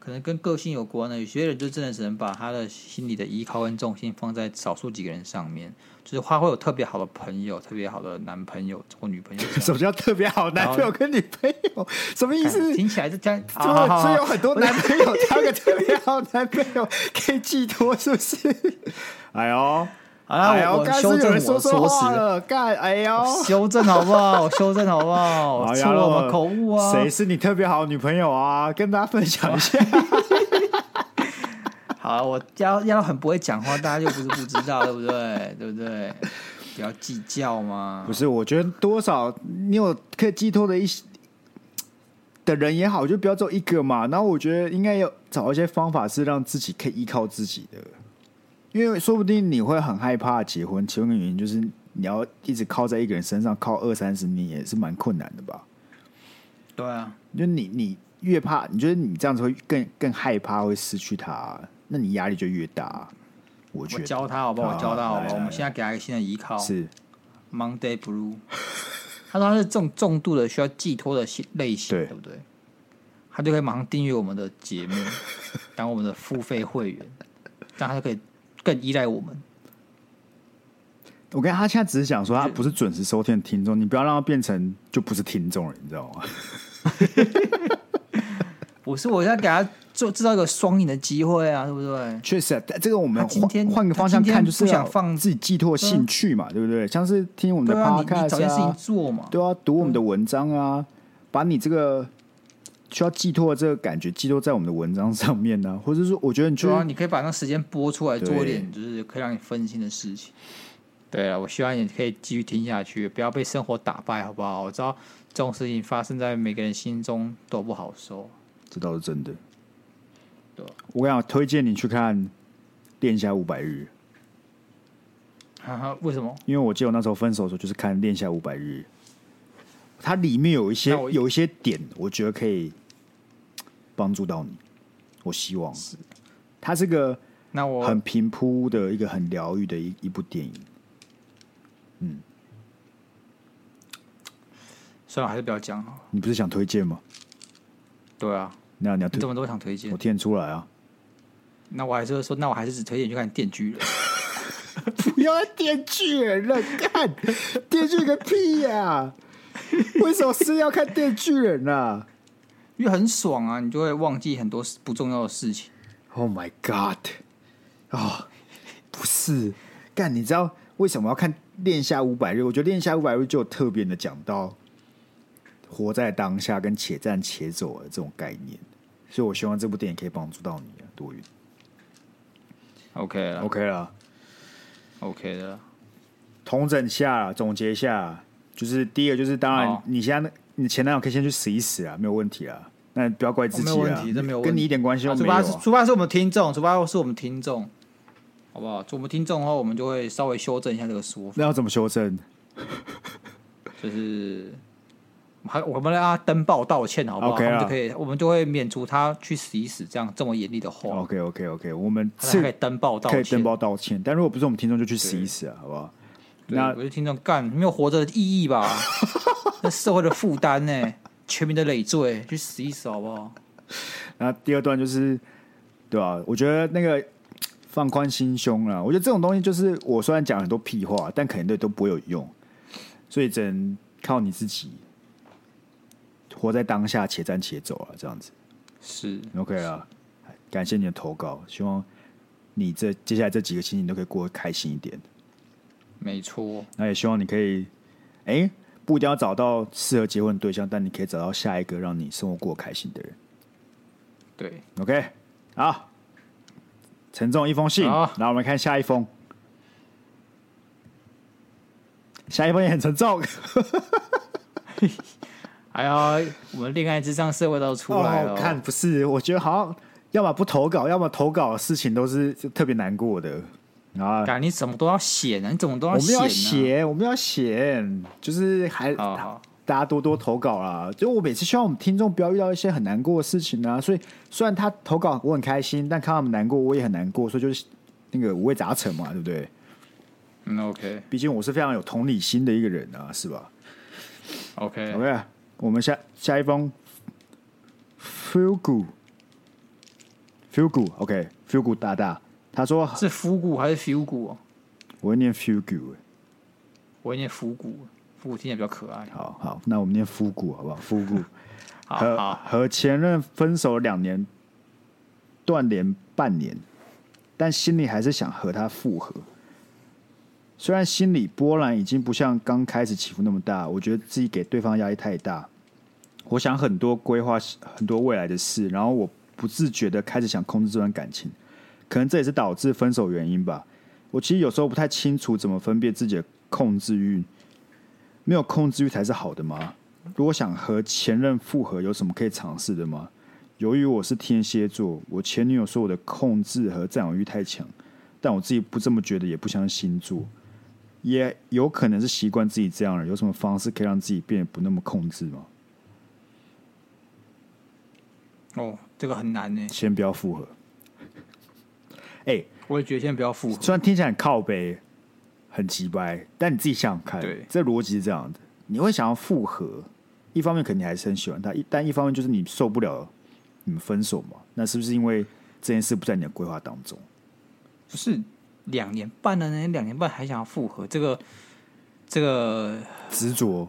可能跟個性有關呢，有些人就真的只能把他的心理的依靠跟重心放在少數幾個人上面，就是他會有特別好的朋友、特別好的男朋友或女朋友， *laughs* 什麼叫特別好男朋友跟女朋友？然後，什麼意思？聽起來是這樣，啊啊、好好好，所以有很多男朋友，他有特別好男朋友可以寄托，是不是？ *laughs* 哎呦。哎，我剛剛有人說錯話了，幹！哎呦！修正好不好？修正好不好？好 *laughs* 了，口誤啊！誰、啊、是你特別好女朋友啊？跟大家分享一下。 *laughs* *laughs* 好、啊，我要妖很不會講話，大家又不是不知道， *laughs* 對不對？對不對？不要計較嘛。不是，我覺得多少你有可以寄托的一些的人也好，就不要做一個嘛。然後我覺得應該要找一些方法，是讓自己可以依靠自己的。因為說不定你會很害怕結婚，其中的原因就是你要一直靠在一個人身上，靠二三十年也是蠻困難的吧？對啊，就你你越怕，你覺得你這樣子會更更害怕會失去他、啊，那你壓力就越大、啊。我，我教他好不好？啊、教他好不好？我們現在給他一個新的依靠，是 Monday Blue。 *laughs* 他說他是重重度的需要寄托的類型，對，對不對？他就可以馬上訂閱我們的節目， *laughs* 當我們的付費會員，這樣 *laughs* 他就可以。更依賴我們。我跟他現在只是想說，他不是準時收聽的聽眾，不是你不要讓他變成就不是聽眾了，你知道嗎？ *laughs* *laughs* 我是我要給他做制造一個雙贏的機會啊，對不對？確實、啊，這個我們今天換個方向看，就是不想放自己寄托興趣嘛，不嗯、對不對？像是聽我們的看、啊，對啊，你找些事情做嘛，對啊，讀我們的文章啊，嗯、把你這個。需要寄託這個感覺，寄託在我們的文章上面呢、啊，或者是我覺得你主、就、要、是啊、你可以把那時間播出來做一點，對就是可以讓你分心的事情。對啊，我希望你可以繼續聽下去，不要被生活打敗，好不好？我知道這種事情發生在每個人心中都不好受，這倒是真的。對，我想要推薦你去看《戀夏五百日》。哈哈，為什麼？因為我記得我那時候分手的時候就是看《戀夏五百日》，它裡面有一些我有一些點，我覺得可以。幫助到你，我希望是。他。是個，那我很平鋪的一個很療癒的一一部電影。嗯，算了，還是不要講哈。你不是想推薦嗎？對啊，那你要推你怎麼都想推薦，我推薦出來啊。那我還是說，那我還是只推薦去看，你 *laughs* 你看《電鋸人》。不要電鋸人了，看電鋸個屁呀，啊！為什麼是要看電鋸人啊？因為很爽啊，你就會忘記很多不重要的事情。Oh my god！哦、oh，不是，但你知道為什麼要看《戀夏五百日》？我覺得《戀夏五百日》就有特別的講到活在當下跟且戰且走的這種概念，所以我希望這部電影可以幫助到你啊，多雲。OK 了，OK 了，OK 了。統整下，總結一下，就是第一個，就是當然你現在、oh. 你前男友可以先去死一死啊，沒有問題啊。那你不要怪自己啊，哦、沒問題，沒有問題，跟你一點關係都沒有、啊。除非除非是我們聽眾，除非是我們聽眾，好不好？我們聽眾的話，我們就會稍微修正一下這個說法。那要怎麼修正？就是還我們讓他登報道歉，好不好？Okay 我們就可以，啊、我們就會免除他去死一死這，這樣這麼嚴厲的話。OK OK OK，我們是可以登報，道歉，登報道歉。但如果不是我們聽眾，就去死一死啊，對好不好？對那我們就聽眾幹沒有活着的意義吧？那 *laughs* 社會的負擔呢？全民的累贅，去死一死好不好？那第二段就是，對啊，我覺得那個放寬心胸啦，我覺得這種東西就是，我雖然講很多屁話，但肯定對都不會有用，所以只能靠你自己，活在當下，且戰且走啊，這樣子是 OK 啊。是感謝你的投稿，希望你這接下來這幾個星期你都可以過得開心一點。沒錯錯，那也希望你可以，哎、欸。不一定要找到適合結婚的對象，但你可以找到下一個讓你生活過開心的人。對，OK，好，沉重一封信，來、哦、我們看下一封，下一封也很沉重。 *laughs* 哎呀，我們戀愛至上社會都出來了，哦、看不是？我覺得好像，要麼不投稿，要麼投稿的事情都是特別難過的。啊！你怎麼都要寫呢？你怎麼都要寫？我們要寫，我們要寫，就是還大家多多投稿啦。就我每次希望我們聽眾不要遇到一些很難過的事情啊。所以雖然他投稿我很開心，但看到他們難過我也很難過，所以就是那個五味雜陳嘛，對不對？嗯，OK。畢竟我是非常有同理心的一個人啊，是吧？OK，OK，我們下下一封，feel good，feel good，OK，feel good 大大。他說：“是復古還是 feel 古？”我會念 feel 古，欸，我會念復古，復古聽起來比較可愛。好好，那我們念復古，好不好？復古，古。 *laughs* 好好。和和前任分手兩年，斷聯半年，但心裡還是想和他復合。雖然心裡波瀾已經不像剛開始起伏那麼大，我覺得自己給對方壓力太大。我想很多規劃，很多未來的事，然後我不自覺的開始想控制這段感情。可能這也是導致分手原因吧。我其實有時候不太清楚怎麼分辨自己的控制欲，沒有控制欲才是好的嗎？如果想和前任復合，有什麼可以嘗試的嗎？由於我是天蠍座，我前女友說我的控制和占有欲太強，但我自己不這麼覺得，也不相信星座，也有可能是習慣自己這樣了。有什麼方式可以讓自己變得不那麼控制嗎？哦，這個很難呢、欸。先不要復合。欸、我也覺得現在不要復合。雖然聽起來很靠北、很奇怪，但你自己想想看，對，這邏輯是這樣的。你會想要復合，一方面肯定還是很喜歡他，一但一方面就是你受不了你們分手嘛。那是不是因為這件事不在你的規劃當中？不是，兩年半了呢，那兩年半還想要復合，這個這個執着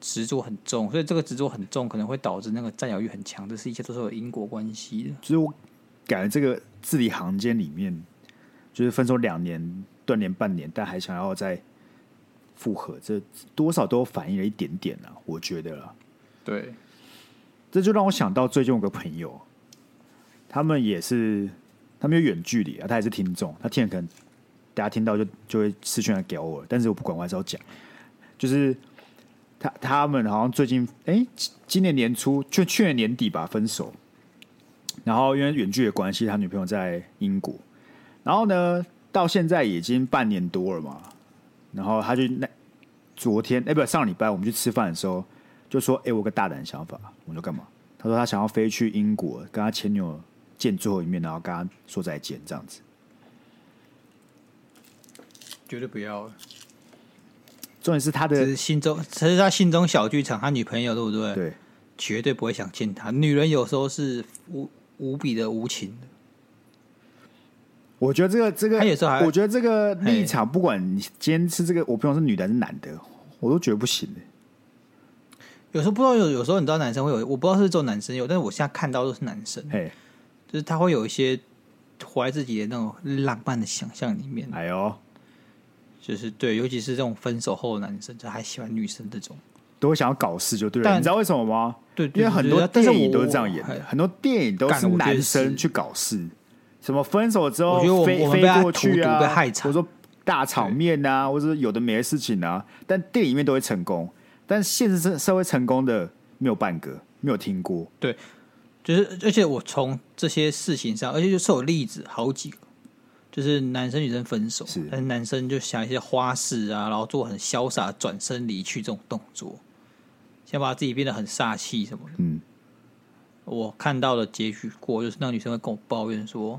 執着很重，所以這個執着很重，可能會導致那個占有欲很強。這是一切都是有因果關係的。就是。我。.感覺這個字裡行間裡面，就是分手兩年，斷聯半年，但還想要再復合，這多少都反映了一點點啊，我覺得對，這就讓我想到最近有個朋友，他們也是，他們有遠距離啊，他也是聽眾，他聽的可能大家聽到就就會私訊來給我，但是我不管我還是要講，就是他他們好像最近哎、欸，今年年初就去，去年年底吧分手。然後因為遠距的關係，他女朋友在英國。然後呢，到現在已經半年多了嘛。然後他就那昨天哎，不，上禮拜我們去吃飯的時候，就說：“哎，我有個大膽的想法，我說幹嘛？”他說他想要飛去英國跟他前女友見最後一面，然後跟他說再見，這樣子。絕對不要。重點是他的心中，其實他心中小劇場，他女朋友對不對？對，絕對不會想見他。女人有時候是我無比的無情的，我覺得這個這個，他也還我覺得這個立場，嘿不管你堅持這個，我不管是女的還是男的，我都覺得不行。有時候不知道有，有時候你知道男生會有，我不知道是這種男生有，但是我現在看到都是男生，嘿就是他會有一些活在自己的那種浪漫的想象裡面。哎呦，就是對，尤其是這種分手後的男生，就還喜歡女生的這種。都會想要搞事，就對了。但你知道為什麼嗎？對，對，因為很多電影都是這樣演的，很多電影都是男生去搞事，什麼分手之後飛飛過去啊，我說大場面啊，或者有的沒事情啊，但電影裡面都會成功，但現實生社會成功的沒有半個，沒有聽過。對，就是而且我從這些事情上，而且就是有例子好幾個，就是男生女生分手，但是男生就想一些花式啊，然後做很瀟灑轉身離去這種動作。先把自己變得很煞氣什麼的，我看到了結局。過，就是那女生會跟我抱怨說，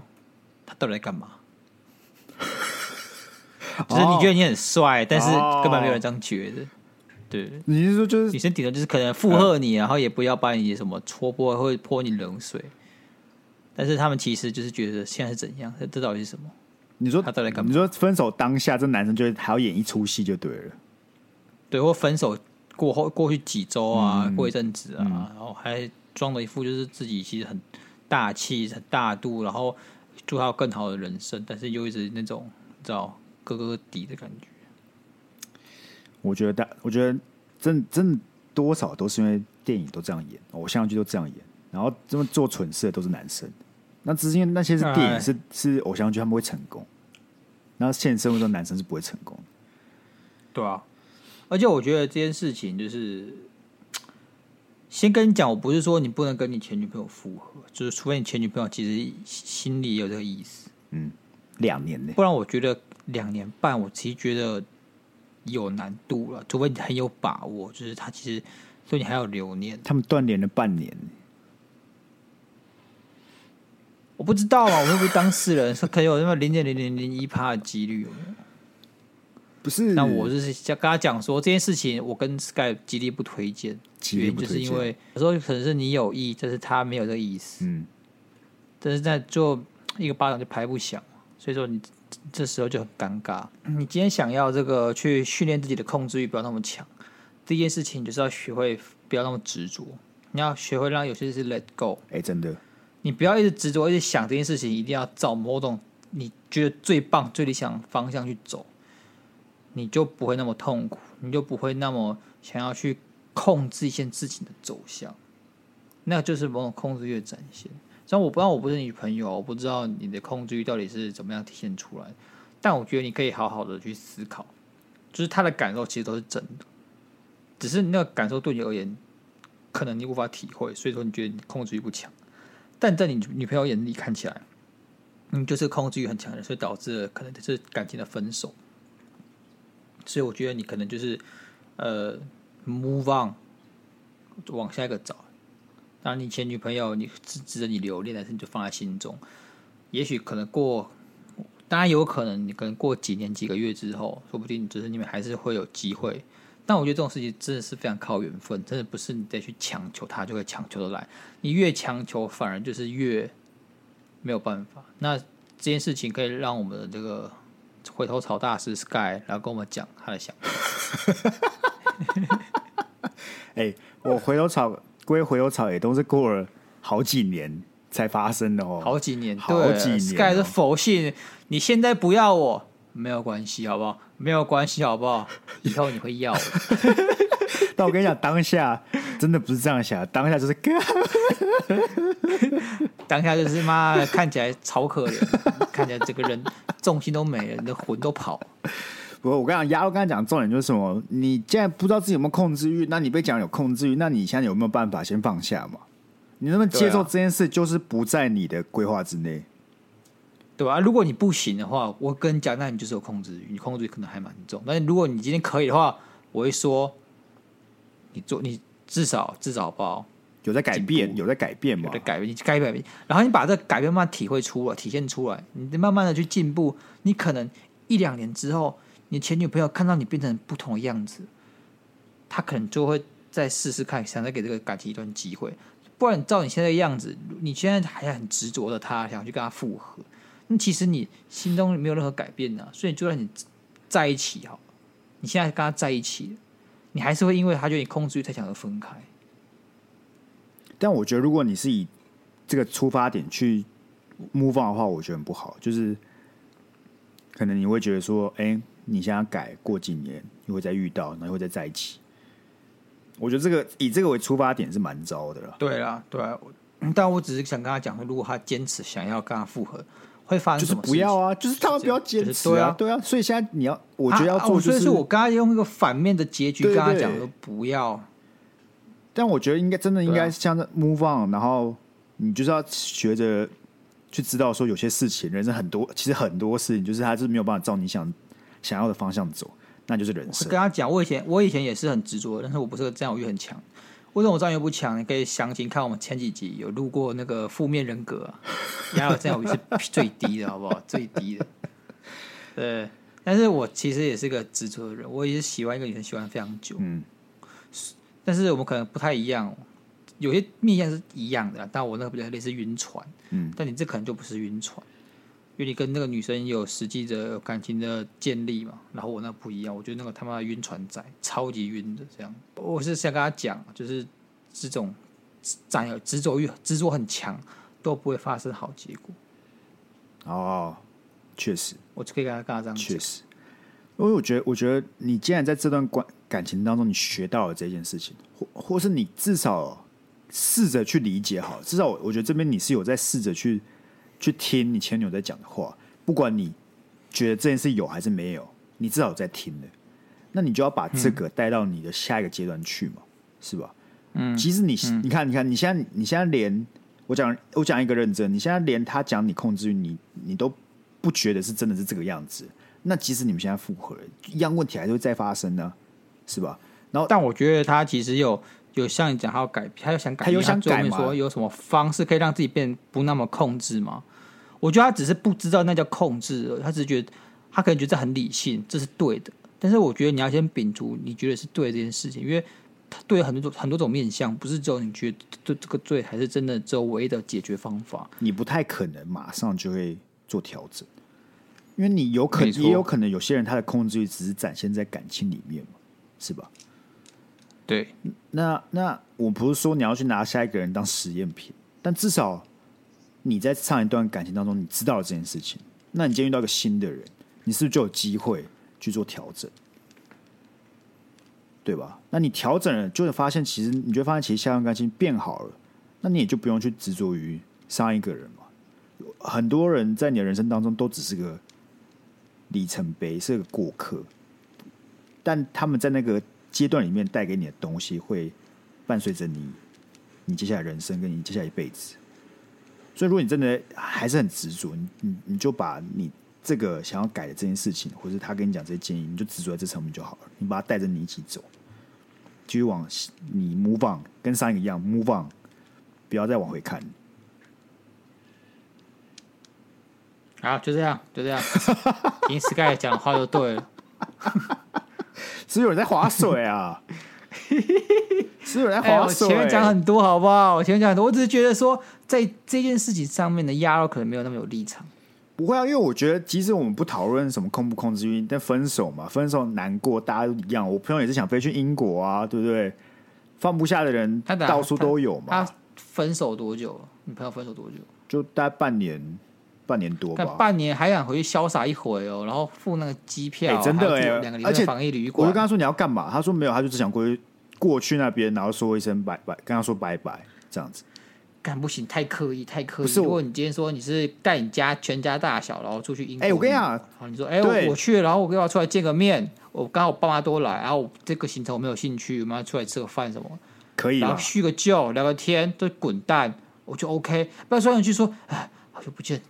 他到底在幹嘛？就是你覺得你很帥，但是根本沒有人這樣覺得。對，你是說就是女生頂多就是可能附和你，然後也不要把你什麼戳破，或者潑你冷水。但是他們其實就是覺得現在是怎樣？他這到底是什麼？你說他到底幹嘛？你說分手當下，這男生就是還要演一出戲就對了。對，或分手。過後過去幾周啊，嗯、過一陣子啊，嗯、啊然後還裝了一副就是自己其實很大氣、很大度，然後祝他有更好的人生，但是又一直那種你知道哥哥底的感覺。我覺得大，大我覺得真的真的多少都是因為電影都這樣演，偶像劇都這樣演，然後這麼做蠢事的都是男生。那只是因為那些是電影是，是、哎、是偶像劇，他們會成功。那現實生活中，男生是不會成功的。對啊。而且我覺得這件事情就是，先跟你講，我不是說你不能跟你前女朋友複合，就是除非你前女朋友其實心裡有這個意思。嗯，兩年內，不然我覺得兩年半，我其實覺得有難度了。除非你很有把握，就是他其實對你還要留念。他們斷聯了半年，我不知道啊，我會不會當事人？是，可以有那麼零點零零零一趴的幾率有沒有？不是，那我就是講跟他講說這件事情，我跟 Sky 極力不推薦，原因就是因為有時候可能是你有意，但是他沒有這個意思。嗯，但是在做一個巴掌就拍不響，所以說你這時候就很尷尬。你今天想要這個去訓練自己的控制欲，不要那麼強。第一件事情就是要學會不要那麼執着，你要學會讓有些事 let go。哎、欸，真的，你不要一直執着，一直想這件事情，一定要找某種你覺得最棒、最理想方向去走。你就不會那麼痛苦，你就不會那麼想要去控制一些事情的走向，那就是某種控制欲的展現。雖然我不知道，我不是你女朋友，我不知道你的控制欲到底是怎麼樣體現出來，但我覺得你可以好好的去思考，就是他的感受其實都是真的，只是那個感受對你而言，可能你無法體會，所以說你覺得你控制欲不強，但在你女朋友眼裡看起來，你、嗯、就是控制欲很強的，所以導致了可能就是感情的分手。所以我覺得你可能就是，呃，move on，往下一個找。當然你前女朋友你，你值得你留戀，但是你就放在心中。也許可能過，當然有可能，你可能過幾年幾個月之後，說不定只是你們還是會有機會。但我覺得這種事情真的是非常靠緣分，真的不是你再去強求他就會強求的來。你越強求，反而就是越沒有辦法。那這件事情可以讓我們的這個。回頭草大師 Sky，然後跟我們講他的想法。哎，我回頭草，歸回頭草也都是過了好幾年才發生的哦，好幾年，對好幾年、哦，Sky 是佛性？你現在不要我。沒有關係，好不好？沒有關係，好不好？以後你會要。 *laughs* 但我跟你講，當下真的不是這樣想，當下就是， *laughs* *laughs* 當下就是媽，看起來超可憐， *laughs* 看起來整個人重心都沒，人 *laughs* 的魂都跑。不過，我跟你講，丫頭剛才講重點就是什麼？你現在不知道自己有沒有控制欲？那你被講有控制欲，那你現在有沒有辦法先放下嘛？你能不能接受這件事就是不在你的規劃之內？對吧，啊，如果你不行的話，我跟你講，那你就是有控制欲，你控制欲可能還蠻重。但是如果你今天可以的話，我會說，你做你至少至少包有在改變，進步，有在改變嘛，有在改變，你改一改。然後你把這改變慢慢體會出來，體現出來，你得慢慢的去進步。你可能一兩年之後，你前女朋友看到你變成不同的樣子，她可能就會再試試看，想再給這個感情一段機會。不然照你現在的樣子，你現在還很執着的她，想去跟她復合。那其實你心中沒有任何改變呢，啊，所以就算你在一起哈，你現在跟他在一起，你還是會因為他覺得你控制欲太強而分開。但我覺得，如果你是以這個出發點去 move on 的話，我覺得很不好，就是可能你會覺得說，哎、欸，你現在改，過幾年你會再遇到，然後又再在一起。我覺得這個以這個為出發點是蠻糟的了。對啦，對啦，但我只是想跟他講說，如果他堅持想要跟他復合，會發生什麼？就是不要啊！就是他們不要堅持啊！對啊，所以現在你要，我覺得要做、就是啊啊哦。所以是我剛剛用一個反面的結局跟他講說不要，但我覺得應該真的應該像、啊、move on，然後你就是要學着去知道說有些事情，人生很多其實很多事情就是他是沒有辦法照你想想要的方向走，那就是人生。我跟他講，我以前我以前也是很執着的，但是我不是個占有欲很強。為什麼占有欲不強？你可以詳情看我們前幾集有錄過那個負面人格、啊，然後占有欲是最低的，好不好？ *laughs* 最低的。呃，但是我其實也是個執着的人，我也是喜歡一個女生，喜歡非常久。嗯、但是我們可能不太一樣，有些面向是一樣的、啊，但我那個比較類似暈船，嗯、但你這可能就不是暈船。因為你跟那個女生有實際的感情的建立嘛，然後我那不一樣，我覺得那個他媽的暈船仔，超級暈的這樣。我是想跟他講，就是這種占有執着欲執着很強都不會發生好結果。哦，確實。我就可以跟他這樣講。確實，因為我覺得，我覺得你既然在這段關感情當中，你學到了這件事情，或或是你至少試着去理解好，至少我我覺得這邊你是有在試着去。去聽你前女友在講的話，不管你覺得這件事有還是沒有，你至少有在聽的，那你就要把這個帶到你的下一個階段去嘛，嗯、是吧？嗯，其實你，你看，你看，你現在，你現在連我講，我講一個認真，你現在連他講你控制慾，你你都不覺得是真的是這個樣子，那即使你們現在復合了一樣問題還是會再發生呢，是吧？然後，但我覺得他其實有。有像你講，他要改，他要想改變，他有想改嗎？有說有什麼方式可以讓自己變不那麼控制嗎？我覺得他只是不知道那叫控制，他只是覺得他可能覺得這很理性，這是對的。但是我覺得你要先摒除你覺得是對這件事情，因為他對很多種很多種面相，不是只有你覺得這個罪還是真的，只有唯一的解決方法。你不太可能馬上就會做調整，因為你有可能，沒錯。也有可能有些人他的控制欲只是展現在感情裡面嘛，是吧？對，那那我不是說你要去拿下一個人當實驗品，但至少你在上一段感情當中，你知道了這件事情，那你今天遇到個新的人，你是不是就有機會去做調整，對吧？那你調整了，就會發現其實你就會發現其實下一段感情變好了，那你也就不用去執着於上一個人嘛。很多人在你的人生當中都只是個里程碑，是個過客，但他們在那個。階段裡面帶給你的東西會伴隨着你，你接下來人生跟你接下來一輩子。所以，如果你真的還是很執着，你你就把你這個想要改的這件事情，或者是他跟你講這些建議，你就執着在這上面就好了。你把它帶着你一起走，繼續往你 move on，跟上一個一樣 move on，不要再往回看。好，就這樣，就這樣。 *laughs* 聽 Sky 講 *laughs* 的話就對了。 *laughs* 只有人在划水啊！ *laughs* 只有人在划水。欸、前面講很多，好不好？我前面講很多，我只是覺得說，在這件事情上面的鴨肉可能沒有那麼有立場。不會啊，因為我覺得，其實我們不討論什麼控不控制慾，但分手嘛，分手難過，大家都一樣。我朋友也是想飛去英國啊，對不對？放不下的人，到處都有嘛。分手多久？你朋友分手多久？就大概半年。半年多吧，半年還敢回去瀟灑一回哦、喔，然後付那個機票、喔欸，真的哎、欸，而且防疫旅館，我就跟他說，你要幹嘛，他說沒有，他就只想過去過去那邊，然後說一聲拜拜，跟他說拜拜這樣子，幹不行，太刻意，太刻意。如果你今天說你是帶你家全家大小，然後出去英國，哎、欸，我跟你講，你說哎，欸、我，對我去了，然後我跟他出來見個面，我剛好我爸媽都來，然後這個行程我沒有興趣，我們要出來吃個飯什麼，可以，啊，後敘個舊，聊個天，都滾蛋，我就 OK，不要說你去說，哎，好久不見。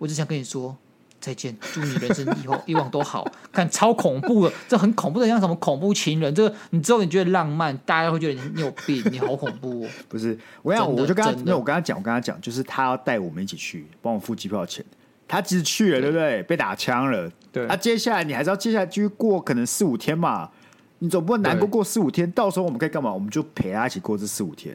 我只想跟你說再見，祝你人生以後 *laughs* 以往都好。看超恐怖的，這很恐怖的，像什麼恐怖情人。這個你之後你覺得浪漫，大家會覺得你有病，你好恐怖、哦。不是，我跟你講，的我就跟他，的我跟他講，我跟他講，就是他要帶我們一起去，幫我們付機票錢。他其實去了，對不對？對，對，被打槍了。對。那、啊、接下來你還是要接下來繼續過，可能四五天嘛。你總不能難過對過四五天，到時候我們可以幹嘛？我們就陪他一起過這四五天。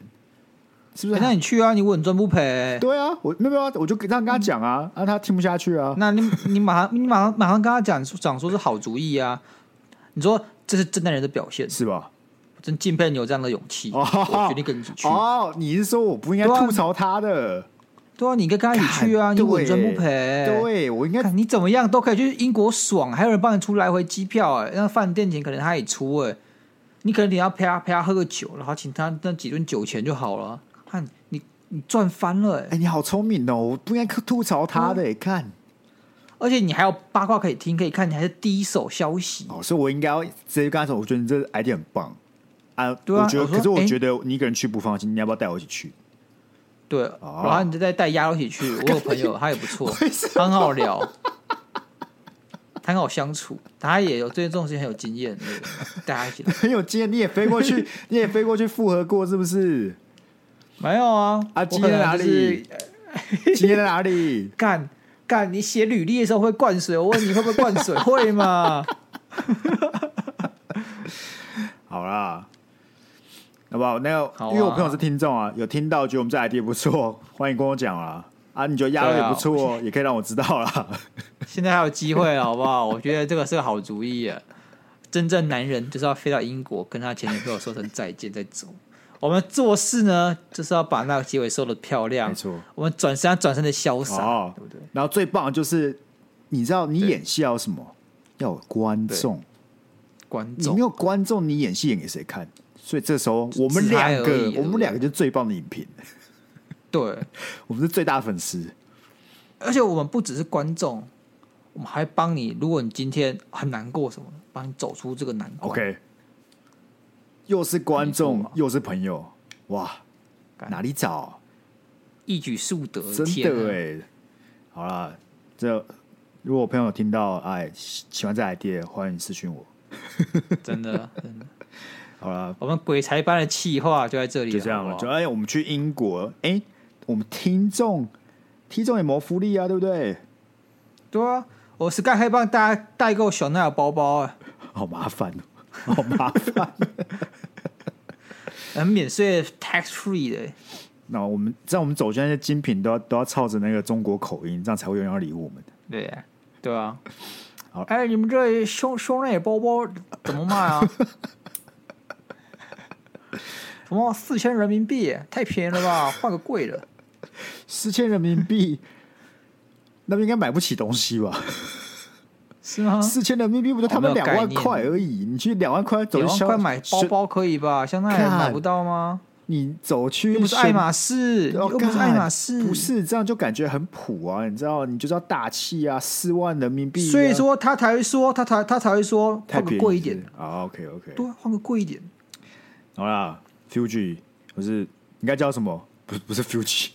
是不是、欸？那你去啊，你穩賺不賠、欸。對啊，我那個,沒有我就這樣跟他講啊，讓、嗯啊、他聽不下去啊。那你你馬上你馬上馬上跟他講，講說是好主意啊。你說這是正派人的表現是吧？我真敬佩你有這樣的勇氣。Oh, 我決定跟你去。哦，oh, oh, oh, 你是說我不應該吐槽他的？對啊，你跟、啊、跟他一起去啊，God, 你穩賺不賠、欸。對,對，我應該你怎麼樣都可以去英國爽，還有人幫你出來回機票哎、欸，那飯店錢可能他也出哎、欸，你可能你要陪他陪他喝個酒，然後請他那幾頓酒錢就好了。你賺翻了哎！你好聰明哦，我不應該吐槽他的。看，而且你還有八卦可以聽，可以看，你還是第一手消息。哦，所以，我應該直接跟他說，我覺得你這 ID 很棒啊。對啊，我覺得，可是我覺得你一個人去不放心，你要不要帶我一起去？對，然後你再帶丫頭一起去。我有朋友，他也不錯，很好聊，很好相處，他也有最近這種事情很有經驗。大家很有經驗，你也飛過去，你也飛過去復合過，是不是？沒有啊啊！就是，今天在哪裡？今天在哪裡？幹幹！你寫履歷的時候會灌水？我問你會不會灌水？ *laughs* 會嗎？好啦，好不好？那個，啊，因為我朋友是聽眾啊，有聽到覺得我們這 idea 不錯，歡迎跟我講啊啊！你覺得壓力也不錯，喔，啊，也可以讓我知道啦。現在還有機會，好不好？我覺得這個是個好主意。啊。 *laughs* 真正男人就是要飛到英國，跟他前女朋友說聲再見再走。我們做事呢，就是要把那個結尾收的漂亮。沒錯錯，我們轉身要轉身的瀟灑，對不對？哦、然後最棒的就是，你知道你演戲要什麼？對要有觀眾。觀眾，你沒有觀眾，你演戲演給誰看？所以這時候我們兩個，我們兩個就是最棒的影評。對， *laughs* 我們是最大粉絲。而且我們不只是觀眾，我們還幫你。如果你今天很難過什麼，幫你走出這個難 OK。又是觀眾，又是朋友，哇，敢哪裡找？一舉數得，真的哎！啊、好了，這如果朋友聽到哎喜歡這 idea，歡迎私訊我。真的，真的。 *laughs* 好了啦，我們鬼才般的企劃就在這裡好好，就這樣了。就哎、欸，我們去英國，哎、欸，我們聽眾聽眾有沒有福利啊？對不對？對啊，我是趕快幫大家代購小奈的包包啊！好麻煩。好麻煩， *laughs* 很免稅 tax free 的、欸。那我們在我們走那些精品都，都要都要操着那個中國口音，這樣才會有人要理我們。對對啊。好，哎、欸，你們這胸胸那包包怎麼賣啊？什 *laughs* 麼四千人民幣？太便宜了吧？換個貴的。四千 *laughs* 人民幣，那不應該買不起東西吧？ *laughs* 是嗎？四千人民幣不就他們兩萬塊而已？Oh, 你去兩萬塊走，兩萬塊買包包可以吧？香奈兒，買不到嗎？你走去又不是愛馬仕，又,又不是愛馬仕、哦，不是這樣就感覺很普啊！你知道，你就知道大氣啊！四萬人民幣、啊，所以說他才會說，他才他才會說換個貴一點的啊。OK OK，對，換個貴一點。好啦 Fuji 不是應該叫什麼？不是不是 Fuji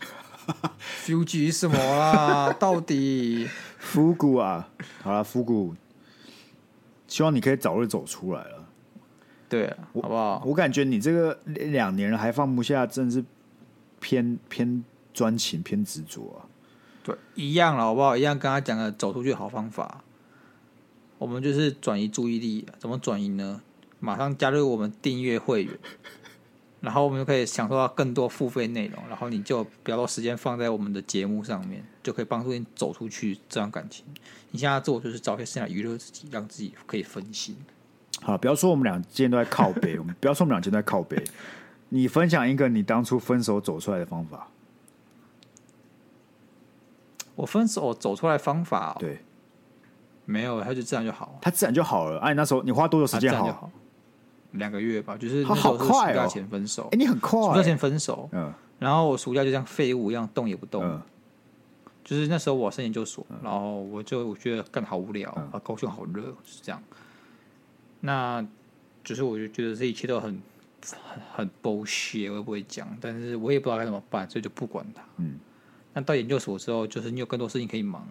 *laughs* Fuji 什麼啊？ *laughs* 到底？復古啊，好啦，復古，希望你可以早日走出來了。對了，我好不好？我感覺你這個兩年了還放不下，真是偏偏專情、偏執着啊。對，一樣了，好不好？一樣，跟他講的走出去好方法，我們就是轉移注意力。怎麼轉移呢？馬上加入我們訂閱會員。 *laughs* 然後我們就可以享受到更多付費內容，然後你就比較多時間放在我們的節目上面，就可以幫助你走出去這段感情。你現在做就是找一些娛樂自己，讓自己可以分心。好，不要說我們倆今天都在靠北，我們 *laughs* 不要說我們兩今天都在靠北。你分享一個你當初分手走出來的方法。我分手走出來的方法、哦，對，沒有，他就自然就好，他自然就好了。哎、啊，那時候你花多少時間好？啊兩個月吧，就是那時候是暑假前分手，哎、哦欸，你很快。暑假前分手，嗯，然後我暑假就像廢物一樣動也不動，嗯、就是那時候我上研究所，嗯、然後我就我覺得幹好無聊，啊、嗯，高雄好熱，是這樣，那只、就是我就覺得這一切都很很很 bullshit，我也不會講，但是我也不知道該怎麼辦，所以就不管他，嗯，那到研究所之後，就是你有更多事情可以忙，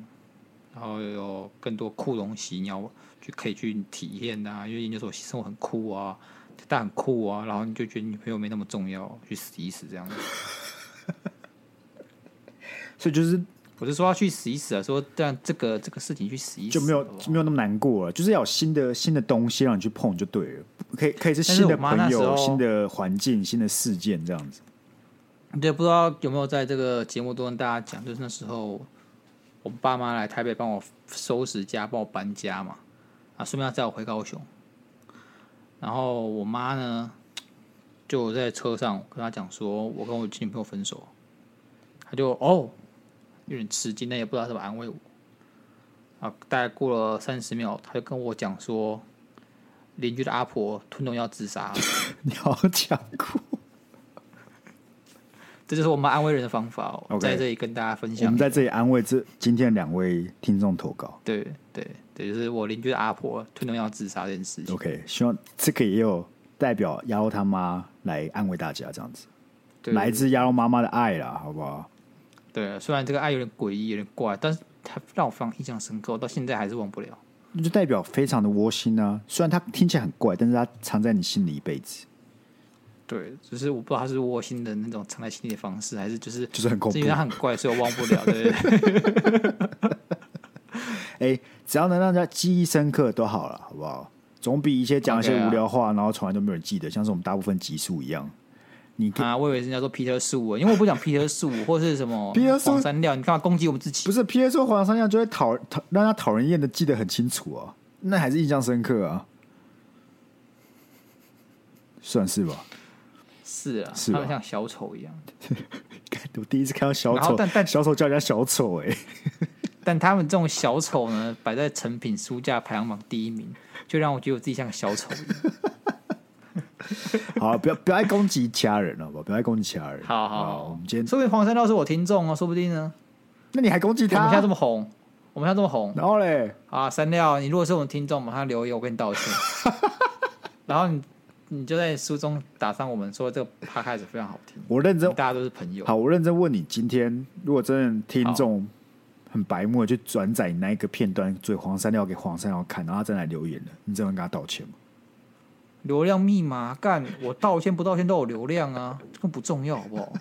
然後有更多枯榮喜鳥。就可以去體驗吶、啊，因為研究所生活很酷啊，但很酷啊，然後你就覺得女朋友沒那麼重要，去死一死這樣子。 *laughs* 所以就是，我是說要去死一死啊，說讓這，這個這個事情去死一死，就沒有就沒有那麼難過了、啊，就是要有新的新的東西讓你去碰就對了，可以可以是新的朋友、新的環境、新的事件這樣子。對，不知道有沒有在這個節目中跟大家講，就是那時候我爸媽來台北幫我收拾家幫我搬家嘛。啊，順便要載我回高雄。然後我媽呢，就我在車上跟她講說，我跟我前女朋友分手。她就哦，有點吃驚，但也不知道怎麼安慰我。啊，大概過了三十秒，她就跟我講說，鄰居的阿婆吞農藥自殺，你好，強哭。這就是我們安慰人的方法、哦。Okay. 在這裡跟大家分享，我們在這裡安慰這今天兩位聽眾投稿。對對。對也就是我鄰居的阿婆吞農藥自殺這件事情。O.K. 希望這個也有代表亞肉他媽來安慰大家，這樣子，對來自亞肉媽媽的愛啦，好不好？對，雖然這個愛有點詭異，有點怪，但是它讓我非常印象深刻，到現在還是忘不了。那就代表非常的窩心啊！雖然它聽起來很怪，但是它藏在你心裡一輩子。對，只、就是我不知道它是窩心的那種藏在心裡的方式，還是就是就是很恐怖，是因為它很怪，所以我忘不了， *laughs* 對不對,對？ *laughs* 哎、欸，只要能讓人家記憶深刻都好了，好不好？總比一些講一些無聊話，okay、了然後從來都沒有人記得，像是我們大部分集數一樣。你看、啊，我以為人家說 Peter Su，因為我不講 Peter Su，或是什麼 p Peter Su, 黃山料，你幹嘛攻擊我們自己？不是，Peter Su 黃山料就會討討，讓家討人家討人厭的記得很清楚啊，那還是印象深刻啊，算是吧？是啊，是啊他們，像小丑一樣。 *laughs* 我第一次看到小丑，但但小丑叫人家小丑哎、欸。但他們這種小丑呢，擺在誠品書架排行榜第一名，就讓我覺得我自己像個小丑。 *laughs* 好，不要不要攻擊家人了，不，不要攻擊家人，人。好好，好，好，我們今天說不定黃山料是我聽眾哦，說不定呢。那你還攻擊他？我們現在這麼紅，我們現在這麼紅。然後嘞，啊，山料，你如果是我們聽眾，馬上留言我跟你道歉。 *laughs* 然後你你就在書中打上我們說這個 podcast 非常好聽。我認真，大家都是朋友。好，我認真問你，今天如果真的聽眾。很白目，就轉載那一個片段，所以黃山要給黃山要看，然後他再來留言了，你這邊給他道歉嗎？流量密碼幹，我道歉不道歉都有流量啊， *laughs* 這個不重要好不好？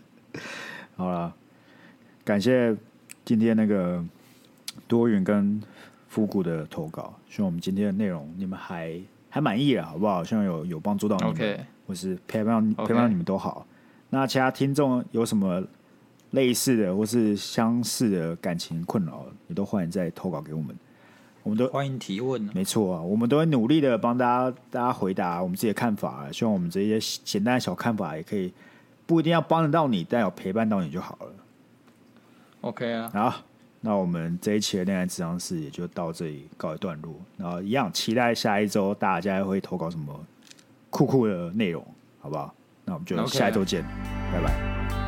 *laughs* 好了，感謝今天那個多元跟復古的投稿，希望我們今天的內容你們還還滿意了好不好？希望有有幫助到你們，或 Okay. 是陪伴陪伴你們都好。Okay. 那其他聽眾有什麼？類似的或是相似的感情困擾，你都歡迎再投稿給我們。我們都歡迎提問，沒錯啊，我們都會努力的幫大家，大家回答我們自己的看法。希望我們這些簡單的小看法，也可以不一定要幫得到你，但有陪伴到你就好了。OK 啊，好，那我們這一期的戀愛諮商室也就到這裡告一段落。然後一樣期待下一周大家會投稿什麼酷酷的內容，好不好？那我們就下一周見，拜拜。